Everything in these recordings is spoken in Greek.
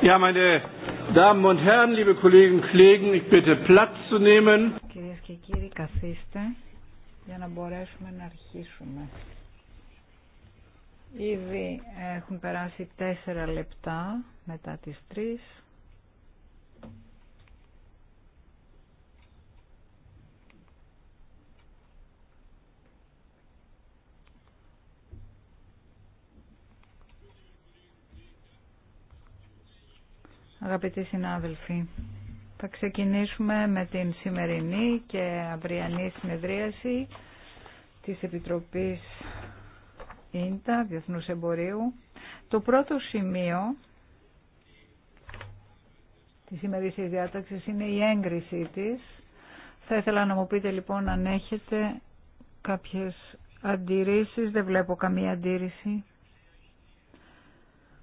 Ja, meine Damen und Herren, liebe Kollegen, Kollegen, ich bitte Platz zu nehmen. Κυρίες και κύριοι, καθίστε για να μπορέσουμε να αρχίσουμε. Ήδη έχουν περάσει τέσσερα λεπτά μετά τις τρεις. Αγαπητοί συνάδελφοι, θα ξεκινήσουμε με την σημερινή και αυριανή συνεδρίαση της Επιτροπής ΙΝΤΑ, Διεθνούς Εμπορίου. Το πρώτο σημείο της σημερινής διάταξης είναι η έγκρισή της. Θα ήθελα να μου πείτε λοιπόν αν έχετε κάποιες αντιρρήσεις, δεν βλέπω καμία αντίρρηση.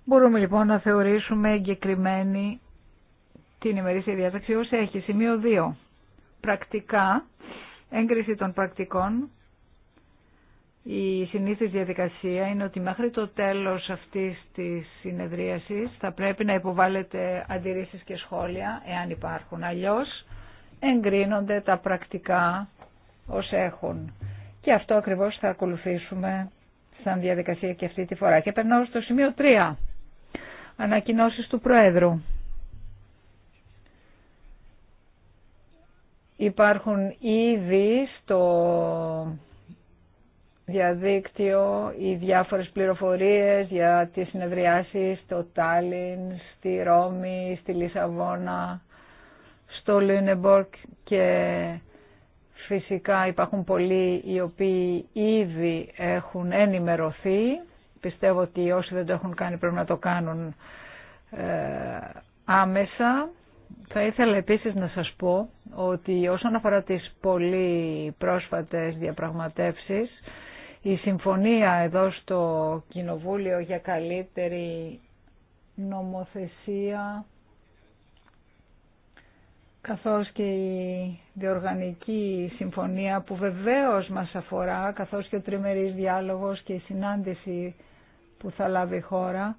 Μπορούμε λοιπόν να θεωρήσουμε εγκεκριμένη την ημερήσια διάταξη ως έχει. Σημείο 2. Πρακτικά, έγκριση των πρακτικών. Η συνήθις διαδικασία είναι ότι μέχρι το τέλος αυτής της συνεδρίασης θα πρέπει να υποβάλλετε αντιρρήσεις και σχόλια, εάν υπάρχουν. Αλλιώς εγκρίνονται τα πρακτικά ως έχουν. Και αυτό ακριβώς θα ακολουθήσουμε σαν διαδικασία και αυτή τη φορά. Και περνάω στο σημείο 3. Ανακοινώσεις του Προέδρου. Υπάρχουν ήδη στο διαδίκτυο οι διάφορες πληροφορίες για τις συνεδριάσεις στο Τάλιν, στη Ρώμη, στη Λισαβόνα, στο Λίνεμπορκ και φυσικά υπάρχουν πολλοί οι οποίοι ήδη έχουν ενημερωθεί. Πιστεύω ότι όσοι δεν το έχουν κάνει πρέπει να το κάνουν ε, άμεσα. Θα ήθελα επίσης να σας πω ότι όσον αφορά τις πολύ πρόσφατες διαπραγματεύσεις, η συμφωνία εδώ στο Κοινοβούλιο για καλύτερη νομοθεσία καθώς και η διοργανική συμφωνία που βεβαίως μας αφορά, καθώς και ο τριμερής διάλογος και η συνάντηση που θα λάβει η χώρα.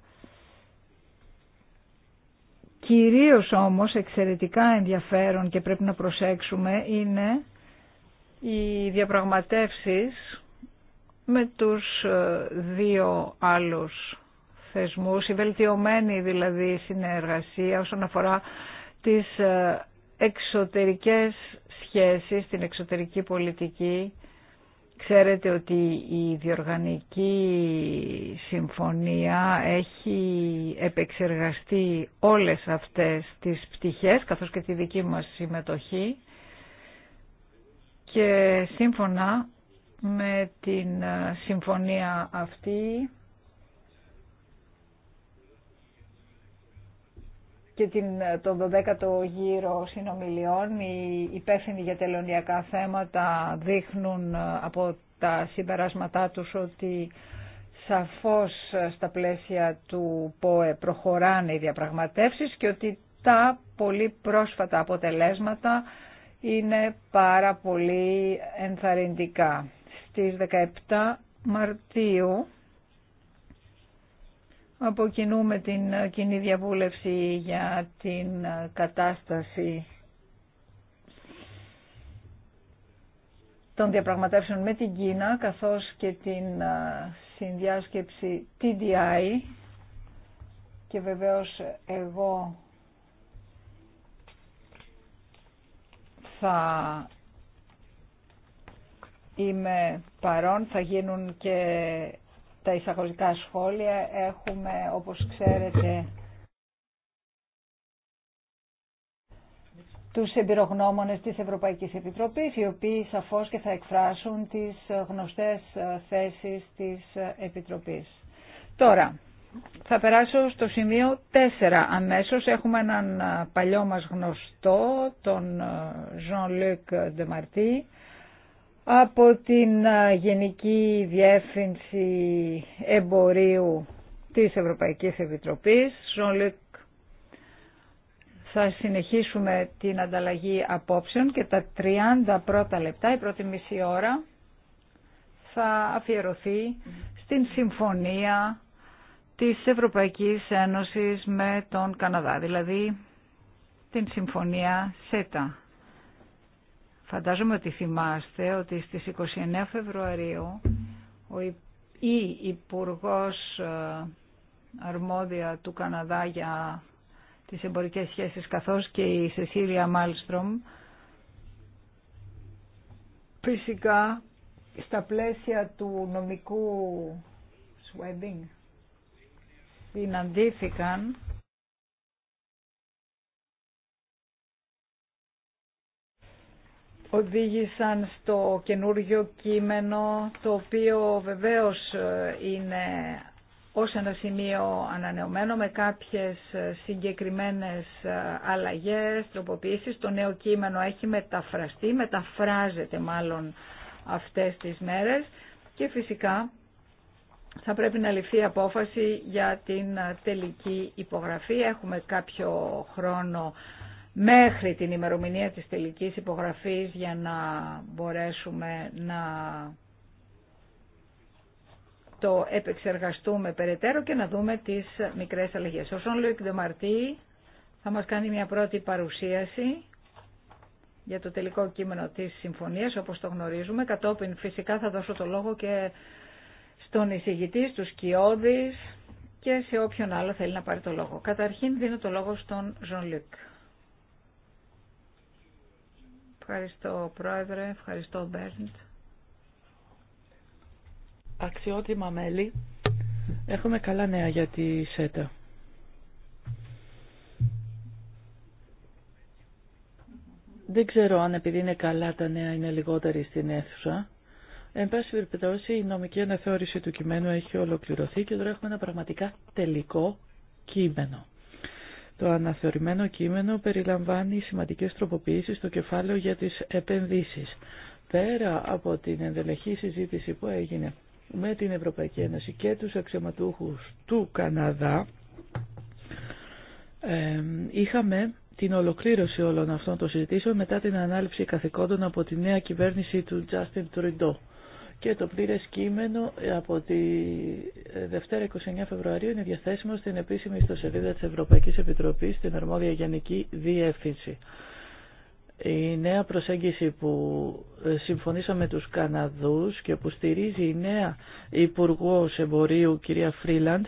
Κυρίως όμως εξαιρετικά ενδιαφέρον και πρέπει να προσέξουμε είναι οι διαπραγματεύσεις με τους ε, δύο άλλους θεσμούς, η βελτιωμένη δηλαδή συνεργασία όσον αφορά τις ε, εξωτερικές σχέσεις, την εξωτερική πολιτική Ξέρετε ότι η διοργανική συμφωνία έχει επεξεργαστεί όλες αυτές τις πτυχές, καθώς και τη δική μας συμμετοχή και σύμφωνα με την συμφωνία αυτή και την, τον 12ο γύρο συνομιλιών. Οι υπεύθυνοι για τελωνιακά θέματα δείχνουν ε, από τα συμπεράσματά τους ότι σαφώς ε, στα πλαίσια του ΠΟΕ προχωράνε οι διαπραγματεύσεις και ότι τα πολύ πρόσφατα αποτελέσματα είναι πάρα πολύ ενθαρρυντικά. Στις 17 Μαρτίου από την κοινή διαβούλευση για την κατάσταση των διαπραγματεύσεων με την Κίνα καθώς και την συνδιάσκεψη TDI και βεβαίως εγώ θα είμαι παρόν, θα γίνουν και τα εισαγωγικά σχόλια. Έχουμε, όπως ξέρετε, τους εμπειρογνώμονες της Ευρωπαϊκής Επιτροπής, οι οποίοι σαφώς και θα εκφράσουν τις γνωστές θέσεις της Επιτροπής. Τώρα, θα περάσω στο σημείο 4 αμέσως. Έχουμε έναν παλιό μας γνωστό, τον Jean-Luc Marti από την Γενική Διεύθυνση Εμπορίου της Ευρωπαϊκής Επιτροπής. Ζων θα συνεχίσουμε την ανταλλαγή απόψεων και τα 30 πρώτα λεπτά, η πρώτη μισή ώρα, θα αφιερωθεί στην συμφωνία της Ευρωπαϊκής Ένωσης με τον Καναδά, δηλαδή την συμφωνία ΣΕΤΑ. Φαντάζομαι ότι θυμάστε ότι στις 29 Φεβρουαρίου ο, η υπουργό ε, αρμόδια του Καναδά για τις εμπορικές σχέσεις καθώς και η Σεσίλια Μάλστρομ φυσικά στα πλαίσια του νομικού σουέμπινγκ συναντήθηκαν οδήγησαν στο καινούργιο κείμενο, το οποίο βεβαίως ε, είναι ως ένα σημείο ανανεωμένο με κάποιες ε, συγκεκριμένες ε, αλλαγές, τροποποιήσεις. Το νέο κείμενο έχει μεταφραστεί, μεταφράζεται μάλλον αυτές τις μέρες και φυσικά θα πρέπει να ληφθεί απόφαση για την τελική υπογραφή. Έχουμε κάποιο χρόνο μέχρι την ημερομηνία της τελικής υπογραφής για να μπορέσουμε να το επεξεργαστούμε περαιτέρω και να δούμε τις μικρές αλλαγές. Ο Σον Λουίκ Δεμαρτή θα μας κάνει μια πρώτη παρουσίαση για το τελικό κείμενο της συμφωνίας όπως το γνωρίζουμε. Κατόπιν φυσικά θα δώσω το λόγο και στον εισηγητή, στους Κιώδης και σε όποιον άλλο θέλει να πάρει το λόγο. Καταρχήν δίνω το λόγο στον Ζων Λουίκ. Ευχαριστώ Πρόεδρε, ευχαριστώ Μπέρντ. Αξιότιμα μέλη, έχουμε καλά νέα για τη ΣΕΤΑ. Δεν ξέρω αν επειδή είναι καλά τα νέα είναι λιγότεροι στην αίθουσα. Εν πάση περιπτώσει, η νομική αναθεώρηση του κειμένου έχει ολοκληρωθεί και τώρα έχουμε ένα πραγματικά τελικό κείμενο. Το αναθεωρημένο κείμενο περιλαμβάνει σημαντικές τροποποιήσεις στο κεφάλαιο για τις επενδύσεις. Πέρα από την ενδελεχή συζήτηση που έγινε με την Ευρωπαϊκή Ένωση και τους αξιωματούχους του Καναδά, είχαμε την ολοκλήρωση όλων αυτών των συζητήσεων μετά την ανάληψη καθηκόντων από τη νέα κυβέρνηση του Justin Trudeau και το πλήρες κείμενο από τη ε, Δευτέρα 29 Φεβρουαρίου είναι διαθέσιμο στην επίσημη ιστοσελίδα της Ευρωπαϊκής Επιτροπής στην αρμόδια Γενική Διεύθυνση. Η νέα προσέγγιση που ε, συμφωνήσαμε τους Καναδούς και που στηρίζει η νέα Υπουργό Εμπορίου κυρία Φρίλαντ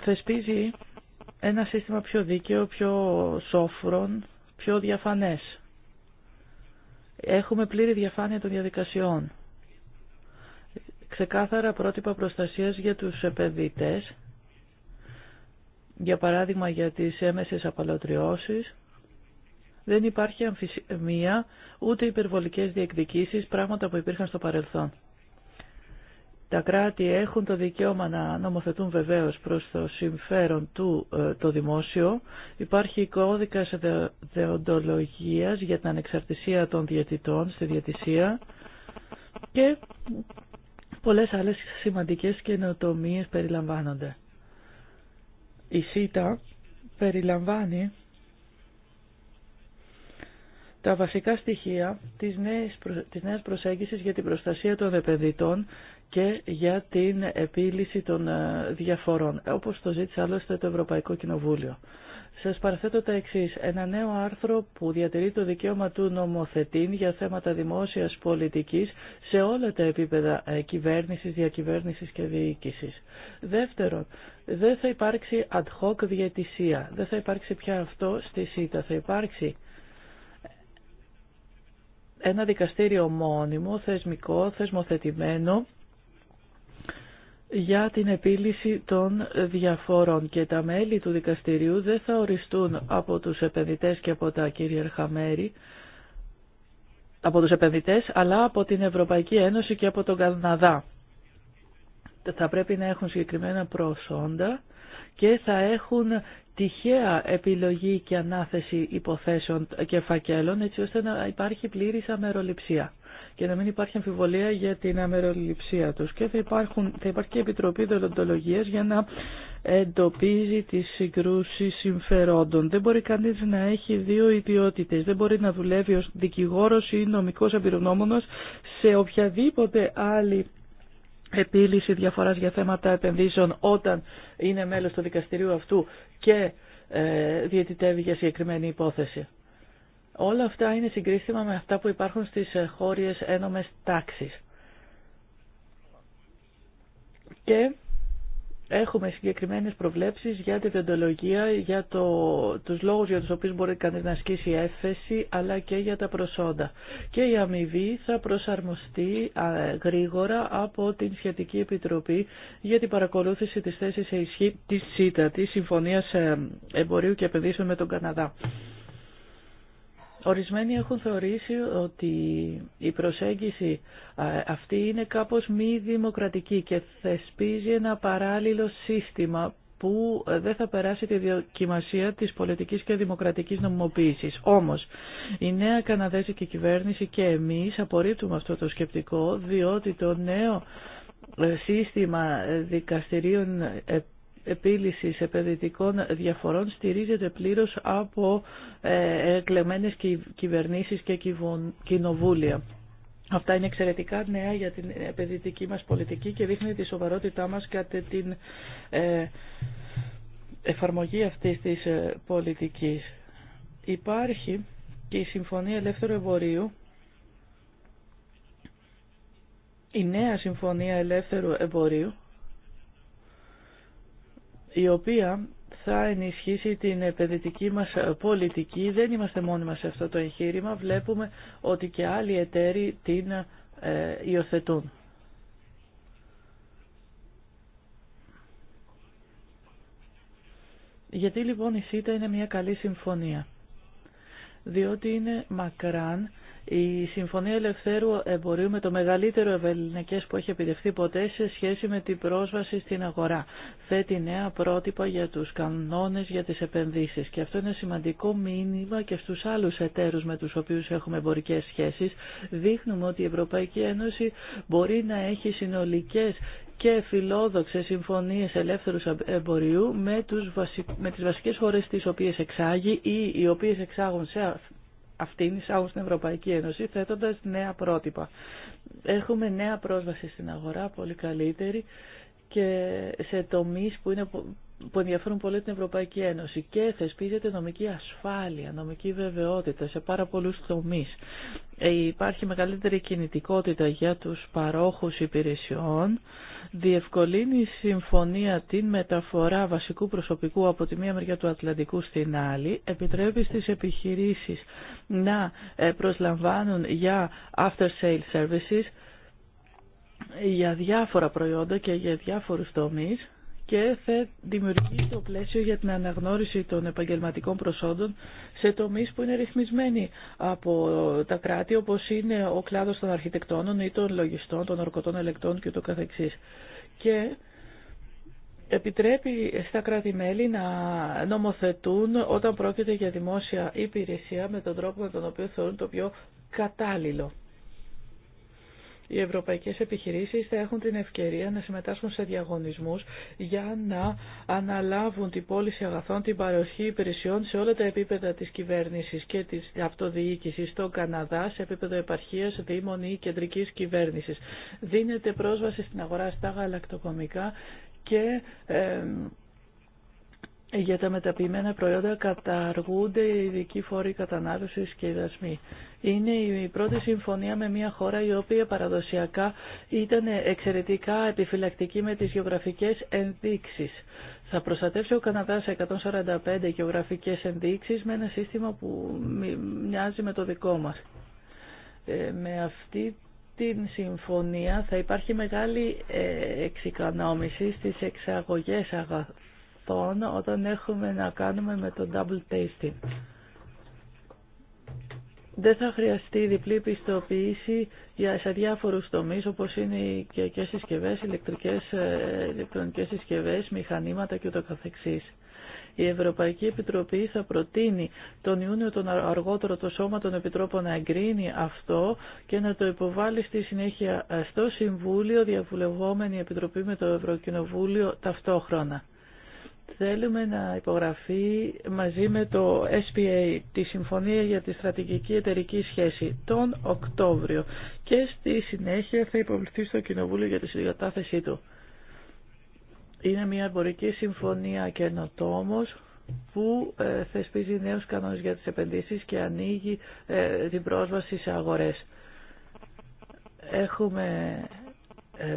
θεσπίζει ένα σύστημα πιο δίκαιο, πιο σόφρον, πιο διαφανές έχουμε πλήρη διαφάνεια των διαδικασιών. Ξεκάθαρα πρότυπα προστασίας για τους επενδυτές, για παράδειγμα για τις έμεσες απαλωτριώσεις, δεν υπάρχει αμφισμία ούτε υπερβολικές διεκδικήσεις, πράγματα που υπήρχαν στο παρελθόν. Τα κράτη έχουν το δικαίωμα να νομοθετούν βεβαίως προς το συμφέρον του ε, το δημόσιο. Υπάρχει κώδικας δεοντολογίας για την ανεξαρτησία των διαιτητών στη διαιτησία και πολλές άλλες σημαντικές καινοτομίες περιλαμβάνονται. Η ΣΥΤΑ περιλαμβάνει τα βασικά στοιχεία της νέας προσέγγισης για την προστασία των επενδυτών και για την επίλυση των ε, διαφορών, όπως το ζήτησε άλλωστε το Ευρωπαϊκό Κοινοβούλιο. Σας παραθέτω τα εξής. Ένα νέο άρθρο που διατηρεί το δικαίωμα του νομοθετήν για θέματα δημόσιας πολιτικής σε όλα τα επίπεδα ε, κυβέρνησης, διακυβέρνησης και διοίκησης. Δεύτερον, δεν θα υπάρξει ad hoc διαιτησία. Δεν θα υπάρξει πια αυτό στη ΣΥΤΑ. Θα υπάρξει ένα δικαστήριο μόνιμο, θεσμικό, θεσμοθετημένο, για την επίλυση των διαφόρων και τα μέλη του δικαστηρίου δεν θα οριστούν από τους επενδυτές και από τα κυρίαρχα μέρη, από τους επενδυτές, αλλά από την Ευρωπαϊκή Ένωση και από τον Καναδά. Θα πρέπει να έχουν συγκεκριμένα προσόντα και θα έχουν τυχαία επιλογή και ανάθεση υποθέσεων και φακέλων, έτσι ώστε να υπάρχει πλήρης αμεροληψία και να μην υπάρχει αμφιβολία για την αμεροληψία τους. Και θα, υπάρχουν, θα υπάρχει και επιτροπή δολοντολογίας για να εντοπίζει τις συγκρούσεις συμφερόντων. Δεν μπορεί κανείς να έχει δύο ιδιότητες. Δεν μπορεί να δουλεύει ως δικηγόρος ή νομικός εμπειρογνώμονος σε οποιαδήποτε άλλη επίλυση διαφοράς για θέματα επενδύσεων όταν είναι μέλος του δικαστηρίου αυτού και ε, διαιτητεύει για συγκεκριμένη υπόθεση. Όλα αυτά είναι συγκρίσιμα με αυτά που υπάρχουν στις ε, χώριες ένομες τάξεις. Και έχουμε συγκεκριμένες προβλέψεις για τη διοντολογία, για το, τους λόγους για τους οποίους μπορεί κανείς να ασκήσει έφεση, αλλά και για τα προσόντα. Και η αμοιβή θα προσαρμοστεί γρήγορα από την Σχετική Επιτροπή για την παρακολούθηση της θέσης σε ισχύ της ΣΥΤΑ, της Συμφωνίας ε, Εμπορίου και Επενδύσεων με τον Καναδά. Ορισμένοι έχουν θεωρήσει ότι η προσέγγιση αυτή είναι κάπως μη δημοκρατική και θεσπίζει ένα παράλληλο σύστημα που ε, δεν θα περάσει τη δοκιμασία της πολιτικής και δημοκρατικής νομιμοποίησης. Όμως, η νέα Καναδέζικη κυβέρνηση και εμείς απορρίπτουμε αυτό το σκεπτικό, διότι το νέο ε, σύστημα ε, δικαστηρίων επίλυσης επενδυτικών διαφορών στηρίζεται πλήρως από ε, εκλεγμένες κυβερνήσεις και κοινοβούλια. Αυτά είναι εξαιρετικά νέα για την επενδυτική μας πολιτική και δείχνει τη σοβαρότητά μας κατά την ε, εφαρμογή αυτής της ε, πολιτικής. Υπάρχει και η Συμφωνία Ελεύθερου Εμπορίου η νέα Συμφωνία Ελεύθερου Εμπορίου η οποία θα ενισχύσει την επενδυτική μας πολιτική. Δεν είμαστε μόνοι μας σε αυτό το εγχείρημα. Βλέπουμε ότι και άλλοι εταίροι την ε, υιοθετούν. Γιατί λοιπόν η ΣΥΤΑ είναι μια καλή συμφωνία. Διότι είναι μακράν η Συμφωνία Ελευθέρου Εμπορίου με το μεγαλύτερο ευελινικές που έχει επιτευχθεί ποτέ σε σχέση με την πρόσβαση στην αγορά. Θέτει νέα πρότυπα για τους κανόνες για τις επενδύσεις και αυτό είναι σημαντικό μήνυμα και στους άλλους εταίρους με τους οποίους έχουμε εμπορικές σχέσεις. Δείχνουμε ότι η Ευρωπαϊκή Ένωση μπορεί να έχει συνολικές και φιλόδοξε συμφωνίε ελεύθερου εμπορίου με, τους βασι... με τι βασικές χώρες τις οποίες εξάγει ή οι οποίε εξάγουν σε αυτήν εισάγουν στην Ευρωπαϊκή Ένωση θέτοντας νέα πρότυπα. Έχουμε νέα πρόσβαση στην αγορά, πολύ καλύτερη και σε τομείς που είναι που ενδιαφέρουν πολύ την Ευρωπαϊκή Ένωση και θεσπίζεται νομική ασφάλεια, νομική βεβαιότητα σε πάρα πολλούς τομείς. Ε, υπάρχει μεγαλύτερη κινητικότητα για τους παρόχους υπηρεσιών, διευκολύνει η συμφωνία την μεταφορά βασικού προσωπικού από τη μία μεριά του Ατλαντικού στην άλλη, επιτρέπει στις επιχειρήσεις να ε, προσλαμβάνουν για after-sale services, για διάφορα προϊόντα και για διάφορους τομείς, και θα δημιουργήσει το πλαίσιο για την αναγνώριση των επαγγελματικών προσόντων σε τομείς που είναι ρυθμισμένοι από τα κράτη όπως είναι ο κλάδος των αρχιτεκτώνων ή των λογιστών, των ορκωτών ελεκτών και το καθεξής. Και επιτρέπει στα κράτη-μέλη να νομοθετούν όταν πρόκειται για δημόσια υπηρεσία με τον τρόπο με τον οποίο θεωρούν το πιο κατάλληλο οι ευρωπαϊκές επιχειρήσεις θα έχουν την ευκαιρία να συμμετάσχουν σε διαγωνισμούς για να αναλάβουν την πώληση αγαθών, την παροχή υπηρεσιών σε όλα τα επίπεδα της κυβέρνησης και της αυτοδιοίκησης στον Καναδά, σε επίπεδο επαρχίας, δήμων ή κεντρικής κυβέρνησης. Δίνεται πρόσβαση στην αγορά στα γαλακτοκομικά και για τα μεταποιημένα προϊόντα καταργούνται οι ειδικοί φόροι κατανάλωσης και οι δασμοί. Είναι η πρώτη συμφωνία με μια χώρα η οποία παραδοσιακά ήταν εξαιρετικά επιφυλακτική με τις γεωγραφικές ενδείξεις. Θα προστατεύσει ο Καναδάς 145 γεωγραφικές ενδείξεις με ένα σύστημα που μοιάζει με το δικό μας. Ε, με αυτή την συμφωνία θα υπάρχει μεγάλη ε, εξοικονόμηση στις εξαγωγές αγαθών όταν έχουμε να κάνουμε με το double tasting. Δεν θα χρειαστεί διπλή πιστοποίηση για, σε διάφορους τομείς όπως είναι οι οικιακές συσκευές, ηλεκτρικές, ε, ηλεκτρονικές συσκευές, μηχανήματα και κ.ο.κ. Η Ευρωπαϊκή Επιτροπή θα προτείνει τον Ιούνιο τον αργότερο το Σώμα των Επιτρόπων να εγκρίνει αυτό και να το υποβάλει στη συνέχεια ε, στο Συμβούλιο διαβουλευόμενη Επιτροπή με το Ευρωκοινοβούλιο ταυτόχρονα θέλουμε να υπογραφεί μαζί με το SPA, τη Συμφωνία για τη Στρατηγική Εταιρική Σχέση, τον Οκτώβριο και στη συνέχεια θα υποβληθεί στο Κοινοβούλιο για τη συγκατάθεσή του. Είναι μια εμπορική συμφωνία καινοτόμος που ε, θεσπίζει νέους κανόνες για τις επενδύσεις και ανοίγει ε, την πρόσβαση σε αγορές. Έχουμε ε,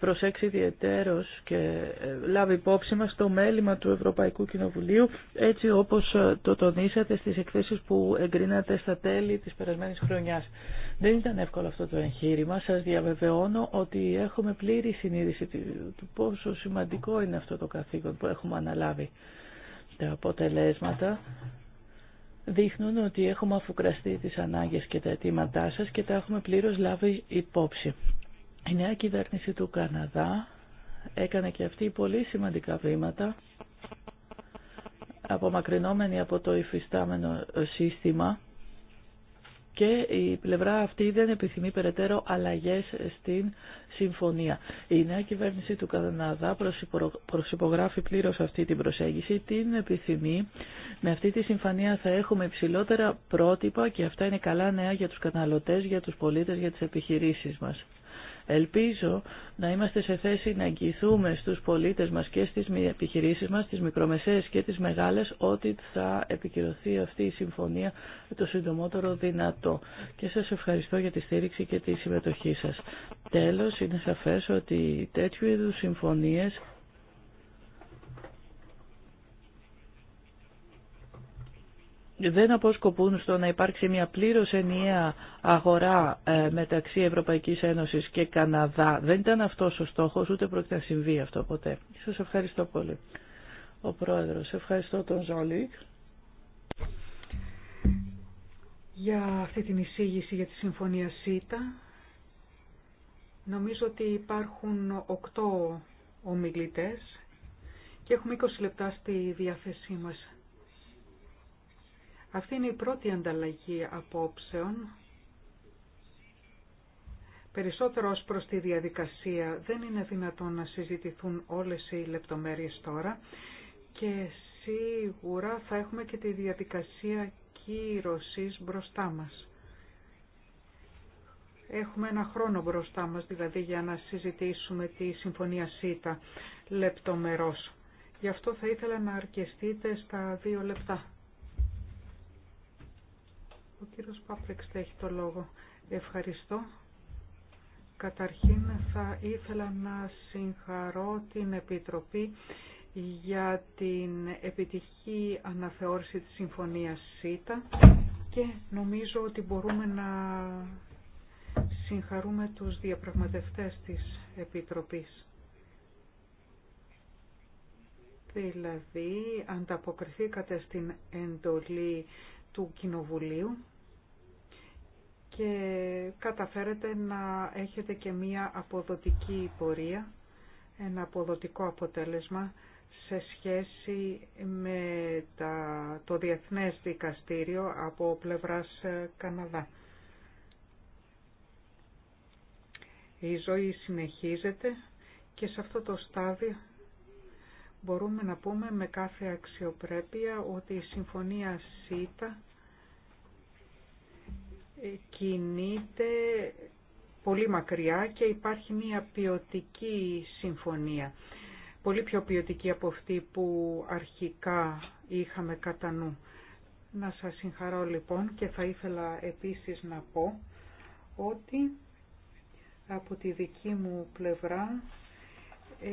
προσέξει ιδιαίτερο και ε, λάβει υπόψη μας το μέλημα του Ευρωπαϊκού Κοινοβουλίου έτσι όπως ε, το τονίσατε στις εκθέσεις που εγκρίνατε στα τέλη της περασμένης χρονιάς. Δεν ήταν εύκολο αυτό το εγχείρημα. Σας διαβεβαιώνω ότι έχουμε πλήρη συνείδηση του πόσο σημαντικό είναι αυτό το καθήκον που έχουμε αναλάβει. Τα αποτελέσματα δείχνουν ότι έχουμε αφουκραστεί τις ανάγκες και τα αιτήματά σας και τα έχουμε πλήρως λάβει υπόψη. Η νέα κυβέρνηση του Καναδά έκανε και αυτή πολύ σημαντικά βήματα απομακρυνόμενη από το υφιστάμενο σύστημα και η πλευρά αυτή δεν επιθυμεί περαιτέρω αλλαγές στην συμφωνία. Η νέα κυβέρνηση του Καναδά προσυπογράφει πλήρως αυτή την προσέγγιση, την επιθυμεί. Με αυτή τη συμφωνία θα έχουμε υψηλότερα πρότυπα και αυτά είναι καλά νέα για τους καταναλωτές, για τους πολίτες, για τις επιχειρήσεις μας. Ελπίζω να είμαστε σε θέση να αγγιθούμε στους πολίτες μας και στις επιχειρήσεις μας, τις μικρομεσαίες και τις μεγάλες, ότι θα επικυρωθεί αυτή η συμφωνία το συντομότερο δυνατό. Και σας ευχαριστώ για τη στήριξη και τη συμμετοχή σας. Τέλος, είναι σαφές ότι τέτοιου είδους συμφωνίες δεν αποσκοπούν στο να υπάρξει μια πλήρως ενιαία αγορά ε, μεταξύ Ευρωπαϊκής Ένωσης και Καναδά. Δεν ήταν αυτός ο στόχος, ούτε πρόκειται να συμβεί αυτό ποτέ. Σας ευχαριστώ πολύ. Ο Πρόεδρος, ευχαριστώ τον Ζολίκ για αυτή την εισήγηση για τη Συμφωνία ΣΥΤΑ. Νομίζω ότι υπάρχουν οκτώ ομιλητές και έχουμε 20 λεπτά στη διάθεσή μας. Αυτή είναι η πρώτη ανταλλαγή απόψεων. Περισσότερο ως προς τη διαδικασία δεν είναι δυνατόν να συζητηθούν όλες οι λεπτομέρειες τώρα και σίγουρα θα έχουμε και τη διαδικασία κύρωσης μπροστά μας. Έχουμε ένα χρόνο μπροστά μας δηλαδή για να συζητήσουμε τη Συμφωνία ΣΥΤΑ λεπτομερώς. Γι' αυτό θα ήθελα να αρκεστείτε στα δύο λεπτά. Ο κύριος Πάπλεξ έχει το λόγο. Ευχαριστώ. Καταρχήν θα ήθελα να συγχαρώ την Επιτροπή για την επιτυχή αναθεώρηση της Συμφωνίας ΣΥΤΑ και νομίζω ότι μπορούμε να συγχαρούμε τους διαπραγματευτές της Επιτροπής. Δηλαδή, ανταποκριθήκατε στην εντολή του Κοινοβουλίου και καταφέρετε να έχετε και μία αποδοτική πορεία, ένα αποδοτικό αποτέλεσμα σε σχέση με τα, το Διεθνές Δικαστήριο από πλευράς ε, Καναδά. Η ζωή συνεχίζεται και σε αυτό το στάδιο μπορούμε να πούμε με κάθε αξιοπρέπεια ότι η Συμφωνία ΣΥΤΑ κινείται πολύ μακριά και υπάρχει μια ποιοτική συμφωνία. Πολύ πιο ποιοτική από αυτή που αρχικά είχαμε κατά νου. Να σας συγχαρώ λοιπόν και θα ήθελα επίσης να πω ότι από τη δική μου πλευρά ε,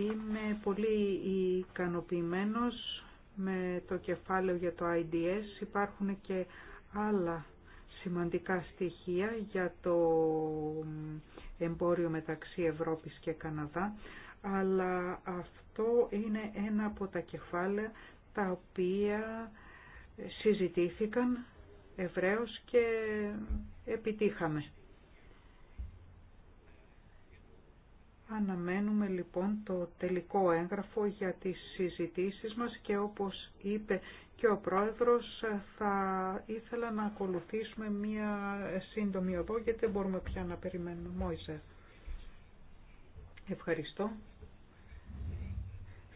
είμαι πολύ ικανοποιημένος με το κεφάλαιο για το IDS. Υπάρχουν και άλλα σημαντικά στοιχεία για το εμπόριο μεταξύ Ευρώπης και Καναδά, αλλά αυτό είναι ένα από τα κεφάλαια τα οποία συζητήθηκαν ευρέως και επιτύχαμε. Αναμένουμε λοιπόν το τελικό έγγραφο για τις συζητήσεις μας και όπως είπε και ο Πρόεδρος θα ήθελα να ακολουθήσουμε μία σύντομη οδό γιατί δεν μπορούμε πια να περιμένουμε. Μόιζε. Ευχαριστώ.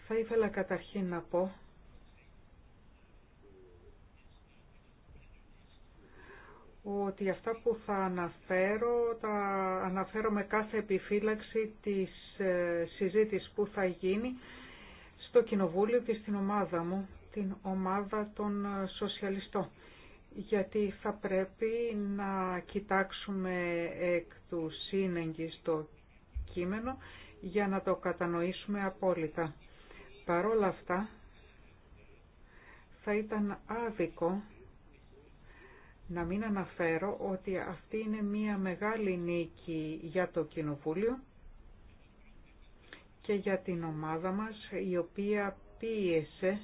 Θα ήθελα καταρχήν να πω ότι αυτά που θα αναφέρω, τα αναφέρω με κάθε επιφύλαξη της ε, συζήτησης που θα γίνει στο Κοινοβούλιο και στην ομάδα μου, την ομάδα των ε, σοσιαλιστών. Γιατί θα πρέπει να κοιτάξουμε εκ του σύνεγγι στο κείμενο για να το κατανοήσουμε απόλυτα. Παρόλα αυτά, θα ήταν άδικο να μην αναφέρω ότι αυτή είναι μία μεγάλη νίκη για το Κοινοβούλιο και για την ομάδα μας η οποία πίεσε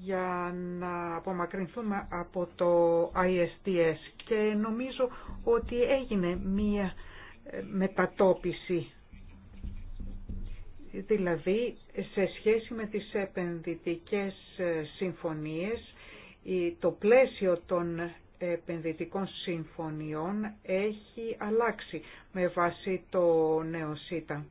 για να απομακρυνθούμε από το ISTS και νομίζω ότι έγινε μία ε, μετατόπιση δηλαδή σε σχέση με τις επενδυτικές ε, συμφωνίες το πλαίσιο των επενδυτικών συμφωνιών έχει αλλάξει με βάση το νέο ΣΥΤΑ.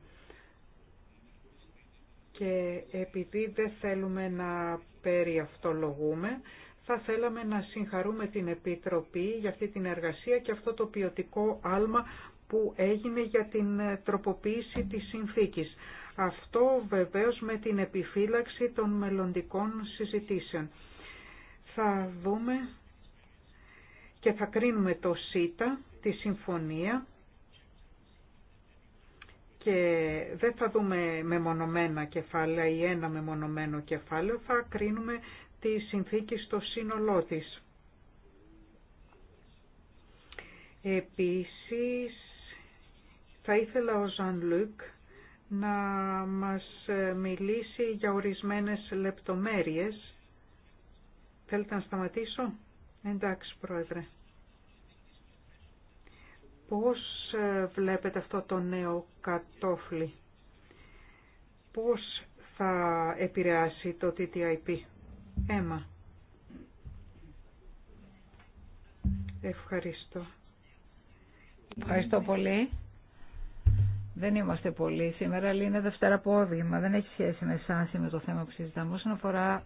Και επειδή δεν θέλουμε να περιαυτολογούμε, θα θέλαμε να συγχαρούμε την Επιτροπή για αυτή την εργασία και αυτό το ποιοτικό άλμα που έγινε για την τροποποίηση της συνθήκης. Αυτό βεβαίως με την επιφύλαξη των μελλοντικών συζητήσεων θα δούμε και θα κρίνουμε το ΣΥΤΑ, τη συμφωνία και δεν θα δούμε μεμονωμένα κεφάλαια ή ένα μεμονωμένο κεφάλαιο, θα κρίνουμε τη συνθήκη στο σύνολό της. Επίσης, θα ήθελα ο Ζαν Λουκ να μας μιλήσει για ορισμένες λεπτομέρειες Θέλετε να σταματήσω. Εντάξει, Πρόεδρε. Πώς ε, βλέπετε αυτό το νέο κατόφλι. Πώς θα επηρεάσει το TTIP. Έμα. Ευχαριστώ. Ευχαριστώ πολύ. Δεν είμαστε πολλοί σήμερα, αλλά είναι Δευτέρα Δεν έχει σχέση με εσά ή με το θέμα που συζητάμε. Όσον αφορά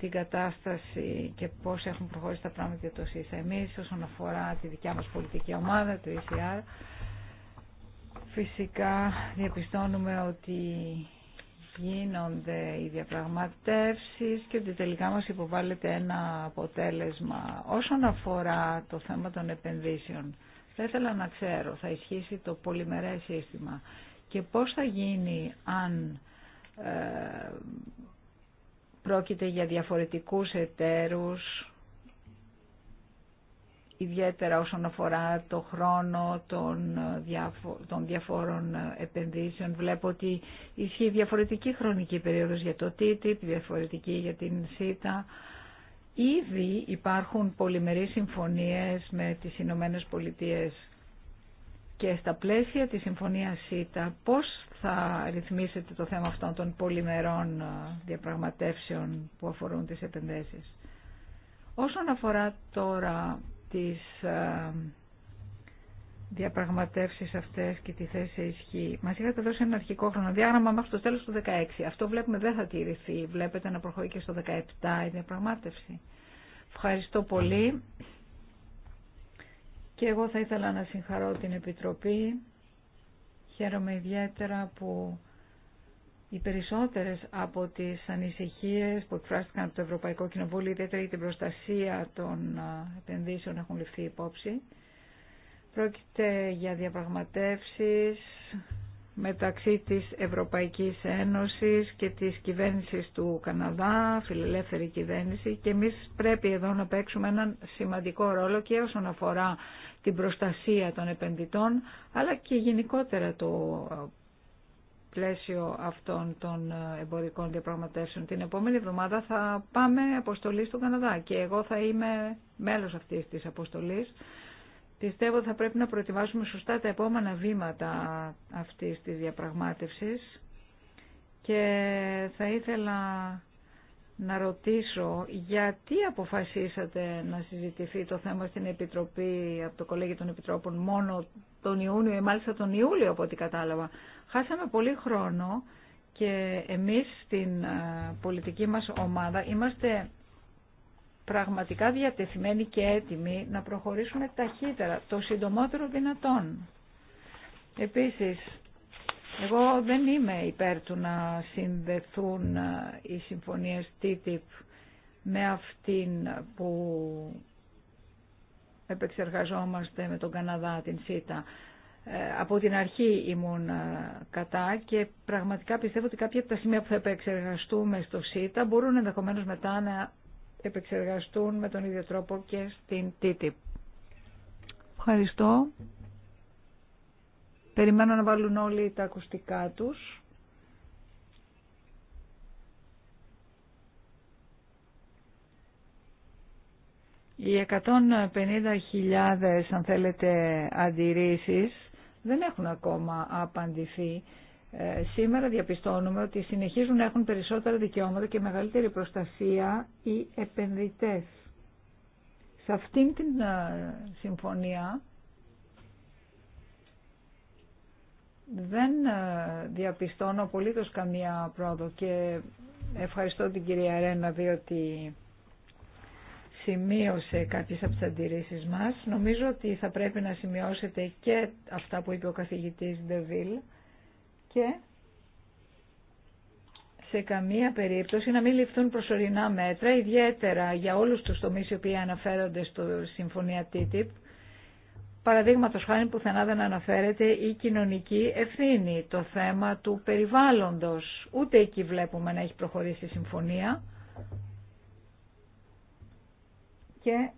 την κατάσταση και πώς έχουν προχωρήσει τα πράγματα για το ΣΥΣΑ. Εμείς όσον αφορά τη δικιά μας πολιτική ομάδα, το ECR, φυσικά διαπιστώνουμε ότι γίνονται οι διαπραγματεύσεις και ότι τελικά μας υποβάλλεται ένα αποτέλεσμα όσον αφορά το θέμα των επενδύσεων. Θα ήθελα να ξέρω, θα ισχύσει το πολυμερές σύστημα και πώς θα γίνει αν ε, Πρόκειται για διαφορετικούς εταίρους, ιδιαίτερα όσον αφορά το χρόνο των, διαφόρων επενδύσεων. Βλέπω ότι ισχύει διαφορετική χρονική περίοδος για το TTIP, διαφορετική για την ΣΥΤΑ. Ήδη υπάρχουν πολυμερείς συμφωνίες με τις Ηνωμένε Πολιτείες και στα πλαίσια της Συμφωνίας ΣΥΤΑ πώς θα ρυθμίσετε το θέμα αυτών των πολυμερών ε, διαπραγματεύσεων που αφορούν τις επενδύσεις. Όσον αφορά τώρα τις ε, διαπραγματεύσεις αυτές και τη θέση ισχύ. Μας είχατε δώσει ένα αρχικό χρονοδιάγραμμα μέχρι το τέλος του 2016. Αυτό βλέπουμε δεν θα τηρηθεί. Βλέπετε να προχωρεί και στο 2017 η διαπραγμάτευση. Ευχαριστώ πολύ. Και εγώ θα ήθελα να συγχαρώ την Επιτροπή. Χαίρομαι ιδιαίτερα που οι περισσότερες από τις ανησυχίες που εκφράστηκαν από το Ευρωπαϊκό Κοινοβούλιο, ιδιαίτερα για την προστασία των επενδύσεων, έχουν ληφθεί υπόψη. Πρόκειται για διαπραγματεύσεις μεταξύ της Ευρωπαϊκής Ένωσης και της κυβέρνησης του Καναδά, φιλελεύθερη κυβέρνηση και εμείς πρέπει εδώ να παίξουμε έναν σημαντικό ρόλο και όσον αφορά την προστασία των επενδυτών αλλά και γενικότερα το ε, πλαίσιο αυτών των ε, εμπορικών διαπραγματεύσεων. Την επόμενη εβδομάδα θα πάμε αποστολή στον Καναδά και εγώ θα είμαι μέλος αυτής της αποστολής Πιστεύω θα πρέπει να προετοιμάσουμε σωστά τα επόμενα βήματα αυτή της διαπραγμάτευσης και θα ήθελα να ρωτήσω γιατί αποφασίσατε να συζητηθεί το θέμα στην Επιτροπή από το Κολέγιο των Επιτρόπων μόνο τον Ιούνιο ή μάλιστα τον Ιούλιο από ό,τι κατάλαβα. Χάσαμε πολύ χρόνο και εμείς στην ε, πολιτική μας ομάδα είμαστε πραγματικά διατεθειμένοι και έτοιμοι να προχωρήσουμε ταχύτερα, το συντομότερο δυνατόν. Επίσης, εγώ δεν είμαι υπέρ του να συνδεθούν ε, οι συμφωνίες TTIP με αυτήν που επεξεργαζόμαστε με τον Καναδά, την ΣΥΤΑ. Ε, από την αρχή ήμουν ε, κατά και πραγματικά πιστεύω ότι κάποια από τα σημεία που θα επεξεργαστούμε στο ΣΥΤΑ μπορούν ενδεχομένως μετά να επεξεργαστούν με τον ίδιο τρόπο και στην TTIP. Ευχαριστώ. Περιμένω να βάλουν όλοι τα ακουστικά τους. Οι 150.000 αν θέλετε αντιρρήσεις δεν έχουν ακόμα απαντηθεί ε, σήμερα διαπιστώνουμε ότι συνεχίζουν να έχουν περισσότερα δικαιώματα και μεγαλύτερη προστασία οι επενδυτές. Σε αυτήν την ε, συμφωνία δεν ε, διαπιστώνω απολύτως καμία πρόοδο και ευχαριστώ την κυρία Ρένα διότι σημείωσε κάποιες από τις αντιρρήσεις μας. Νομίζω ότι θα πρέπει να σημειώσετε και αυτά που είπε ο καθηγητής Ντεβίλ και σε καμία περίπτωση να μην ληφθούν προσωρινά μέτρα, ιδιαίτερα για όλους τους τομείς οι οποίοι αναφέρονται στο Συμφωνία TTIP, Παραδείγματο χάρη πουθενά δεν αναφέρεται η κοινωνική ευθύνη, το θέμα του περιβάλλοντος. Ούτε εκεί βλέπουμε να έχει προχωρήσει η συμφωνία και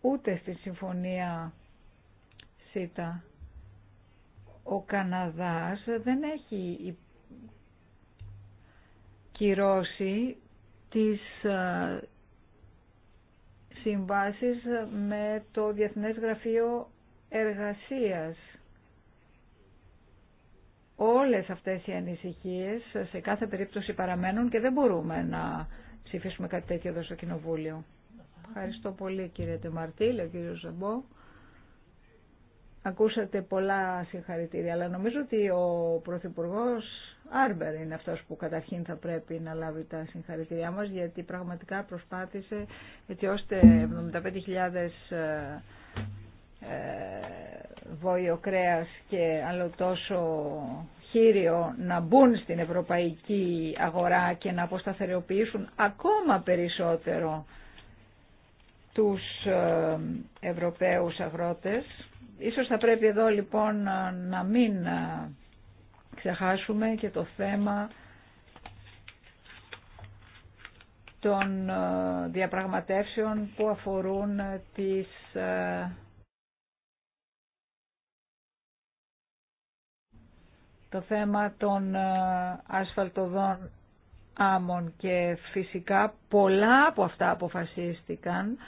ούτε στη συμφωνία ΣΥΤΑ ο Καναδάς δεν έχει κυρώσει τις ε, συμβάσεις με το Διεθνές Γραφείο Εργασίας. Όλες αυτές οι ανησυχίες σε κάθε περίπτωση παραμένουν και δεν μπορούμε να ψηφίσουμε κάτι τέτοιο εδώ στο Κοινοβούλιο. Ευχαριστώ πολύ κύριε Τεμαρτή, λέει ο κύριος Ζεμπό. Ακούσατε πολλά συγχαρητήρια, αλλά νομίζω ότι ο Πρωθυπουργό Άρμπερ είναι αυτός που καταρχήν θα πρέπει να λάβει τα συγχαρητήριά μας, γιατί πραγματικά προσπάθησε έτσι ώστε 75.000 ε, ε, βόηο κρέας και άλλο τόσο χείριο να μπουν στην ευρωπαϊκή αγορά και να αποσταθεροποιήσουν ακόμα περισσότερο τους ε, Ευρωπαίους αγρότες Ίσως θα πρέπει εδώ λοιπόν να μην ε, ξεχάσουμε και το θέμα των ε, διαπραγματεύσεων που αφορούν ε, τις το θέμα των ασφαλτοδών άμμων και φυσικά πολλά από αυτά αποφασίστηκαν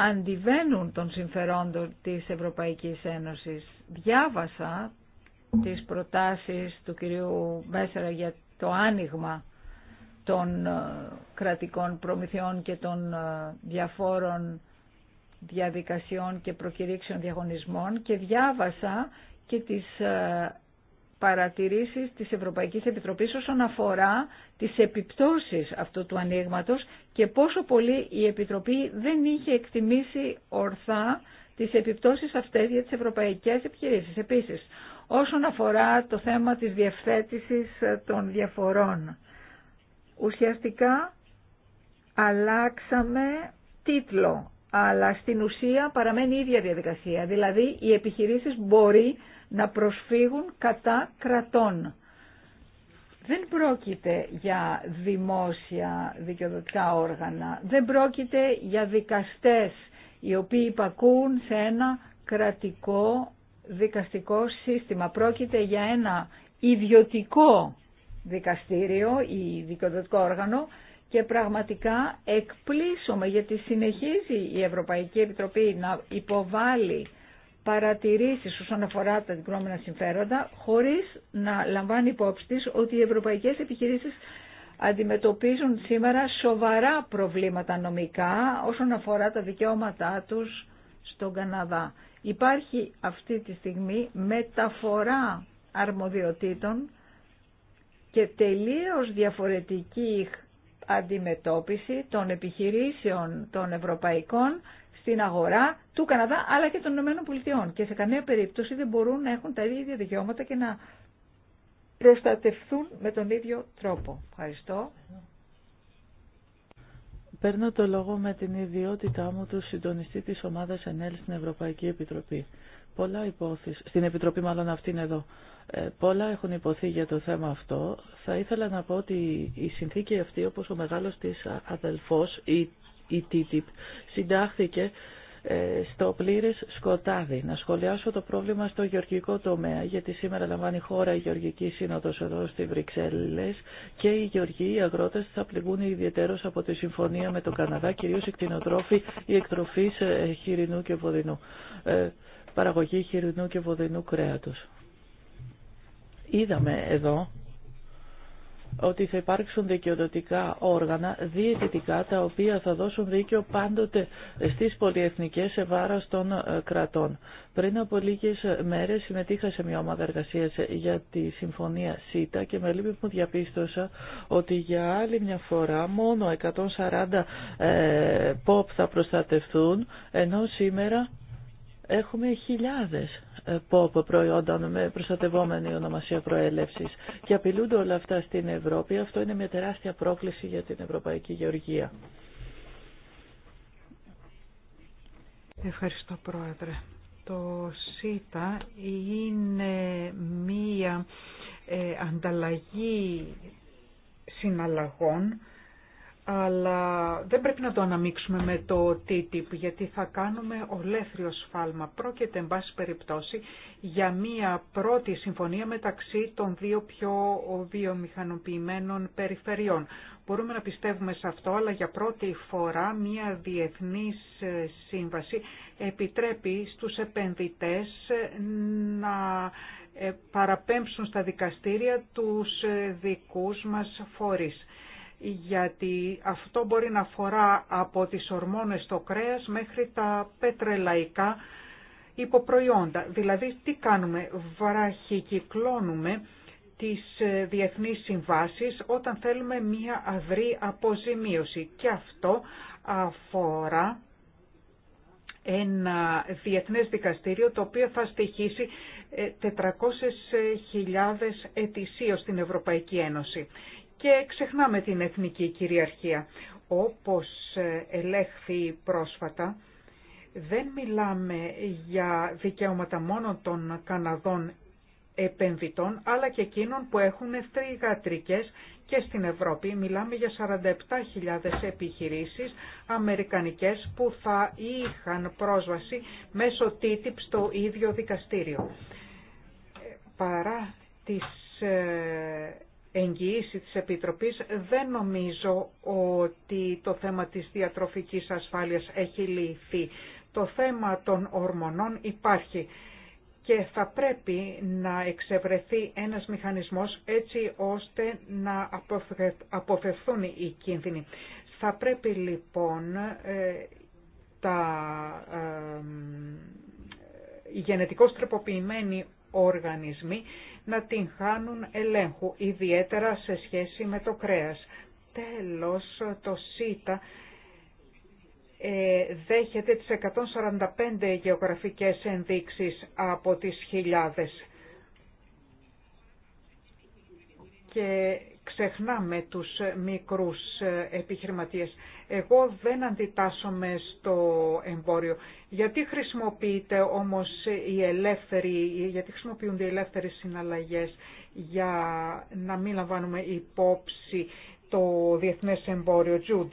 αντιβαίνουν των συμφερόντων της Ευρωπαϊκής Ένωσης. Διάβασα τις προτάσεις του κυρίου Μπέσσερα για το άνοιγμα των ε, κρατικών προμηθειών και των ε, διαφόρων διαδικασιών και προκηρύξεων διαγωνισμών και διάβασα και τις ε, παρατηρήσεις της Ευρωπαϊκής Επιτροπής όσον αφορά τις επιπτώσεις αυτού του ανοίγματο και πόσο πολύ η Επιτροπή δεν είχε εκτιμήσει ορθά τις επιπτώσεις αυτές για τις ευρωπαϊκές επιχειρήσεις. Επίσης, όσον αφορά το θέμα της διευθέτησης των διαφορών, ουσιαστικά αλλάξαμε τίτλο, αλλά στην ουσία παραμένει η ίδια διαδικασία. Δηλαδή, οι επιχειρήσεις μπορεί να προσφύγουν κατά κρατών. Δεν πρόκειται για δημόσια δικαιοδοτικά όργανα, δεν πρόκειται για δικαστές οι οποίοι υπακούν σε ένα κρατικό δικαστικό σύστημα. Πρόκειται για ένα ιδιωτικό δικαστήριο ή δικαιοδοτικό όργανο και πραγματικά εκπλήσωμε γιατί συνεχίζει η δικαιοδοτικο οργανο και πραγματικα εκπλησουμε Επιτροπή να υποβάλει παρατηρήσεις όσον αφορά τα δικρώμενα συμφέροντα χωρίς να λαμβάνει υπόψη ότι οι ευρωπαϊκές επιχειρήσεις αντιμετωπίζουν σήμερα σοβαρά προβλήματα νομικά όσον αφορά τα δικαιώματά τους στον Καναδά. Υπάρχει αυτή τη στιγμή μεταφορά αρμοδιοτήτων και τελείως διαφορετική αντιμετώπιση των επιχειρήσεων των ευρωπαϊκών στην αγορά του Καναδά αλλά και των Ηνωμένων Πολιτειών και σε καμία περίπτωση δεν μπορούν να έχουν τα ίδια δικαιώματα και να προστατευθούν με τον ίδιο τρόπο. Ευχαριστώ. Παίρνω το λόγο με την ιδιότητά μου του συντονιστή της ομάδας ΕΝΕΛ στην Ευρωπαϊκή Επιτροπή. Πολλά υπόθεση, στην Επιτροπή μάλλον αυτήν εδώ. Ε, πολλά έχουν υποθεί για το θέμα αυτό. Θα ήθελα να πω ότι η συνθήκη αυτή, όπως ο μεγάλος της αδελφός, η η TTIP συντάχθηκε ε, στο πλήρες σκοτάδι. Να σχολιάσω το πρόβλημα στο γεωργικό τομέα, γιατί σήμερα λαμβάνει χώρα η γεωργική σύνοδος εδώ στη Βρυξέλλες και οι γεωργοί, οι αγρότες θα πληγούν ιδιαίτερως από τη συμφωνία με τον Καναδά, κυρίως οι κτηνοτρόφοι, οι εκτροφείς ε, χοιρινού και βοδινού, ε, παραγωγή χοιρινού και βοδινού κρέατος. Είδαμε εδώ ότι θα υπάρξουν δικαιοδοτικά όργανα, διαιτητικά, τα οποία θα δώσουν δίκαιο πάντοτε στις πολυεθνικές σε των ε, κρατών. Πριν από λίγες μέρες συμμετείχα σε μια ομάδα εργασίας για τη Συμφωνία ΣΥΤΑ και με λίγο μου διαπίστωσα ότι για άλλη μια φορά μόνο 140 ε, ΠΟΠ θα προστατευτούν, ενώ σήμερα έχουμε χιλιάδες ΠΟΠΟ, προϊόντων με προστατευόμενη ονομασία προέλευση και απειλούνται όλα αυτά στην Ευρώπη. Αυτό είναι μια τεράστια πρόκληση για την Ευρωπαϊκή Γεωργία. Ευχαριστώ Πρόεδρε. Το ΣΥΤΑ είναι μία ε, ανταλλαγή συναλλαγών αλλά δεν πρέπει να το αναμίξουμε με το TTIP, γιατί θα κάνουμε ολέθριο σφάλμα. Πρόκειται, εν πάση περιπτώσει, για μία πρώτη συμφωνία μεταξύ των δύο πιο βιομηχανοποιημένων περιφερειών. Μπορούμε να πιστεύουμε σε αυτό, αλλά για πρώτη φορά μία διεθνής ε, σύμβαση επιτρέπει στους επενδυτές να ε, παραπέμψουν στα δικαστήρια τους ε, δικούς μας φορείς γιατί αυτό μπορεί να αφορά από τις ορμόνες στο κρέας μέχρι τα πετρελαϊκά υποπροϊόντα. Δηλαδή τι κάνουμε, βραχικυκλώνουμε τις ε, διεθνείς συμβάσεις όταν θέλουμε μία αδρή αποζημίωση και αυτό αφορά ένα διεθνές δικαστήριο το οποίο θα στοιχήσει 400.000 ε, ετησίως στην Ευρωπαϊκή Ένωση και ξεχνάμε την εθνική κυριαρχία. Όπως ε, ελέγχθη πρόσφατα, δεν μιλάμε για δικαιώματα μόνο των Καναδών επενδυτών, αλλά και εκείνων που έχουν θρηγατρικές και στην Ευρώπη. Μιλάμε για 47.000 επιχειρήσεις αμερικανικές που θα είχαν πρόσβαση μέσω TTIP στο ίδιο δικαστήριο. Ε, παρά τις ε, εγγυήσει της Επιτροπής δεν νομίζω ότι το θέμα της διατροφικής ασφάλειας έχει λυθεί. Το θέμα των ορμονών υπάρχει και θα πρέπει να εξευρεθεί ένας μηχανισμός έτσι ώστε να αποφευθούν οι κίνδυνοι. Θα πρέπει λοιπόν ε, τα ε, γενετικώς τρεποποιημένοι οργανισμοί να την χάνουν ελέγχου, ιδιαίτερα σε σχέση με το κρέας. Τέλος, το ΣΥΤΑ ε, δέχεται τις 145 γεωγραφικές ενδείξεις από τις χιλιάδες. Και ξεχνάμε τους μικρούς επιχειρηματίες. Εγώ δεν αντιτάσσομαι στο εμπόριο. Γιατί χρησιμοποιείται όμως οι ελεύθεροι, γιατί χρησιμοποιούνται οι ελεύθερες συναλλαγές για να μην λαμβάνουμε υπόψη το διεθνές εμπόριο Τζουντ.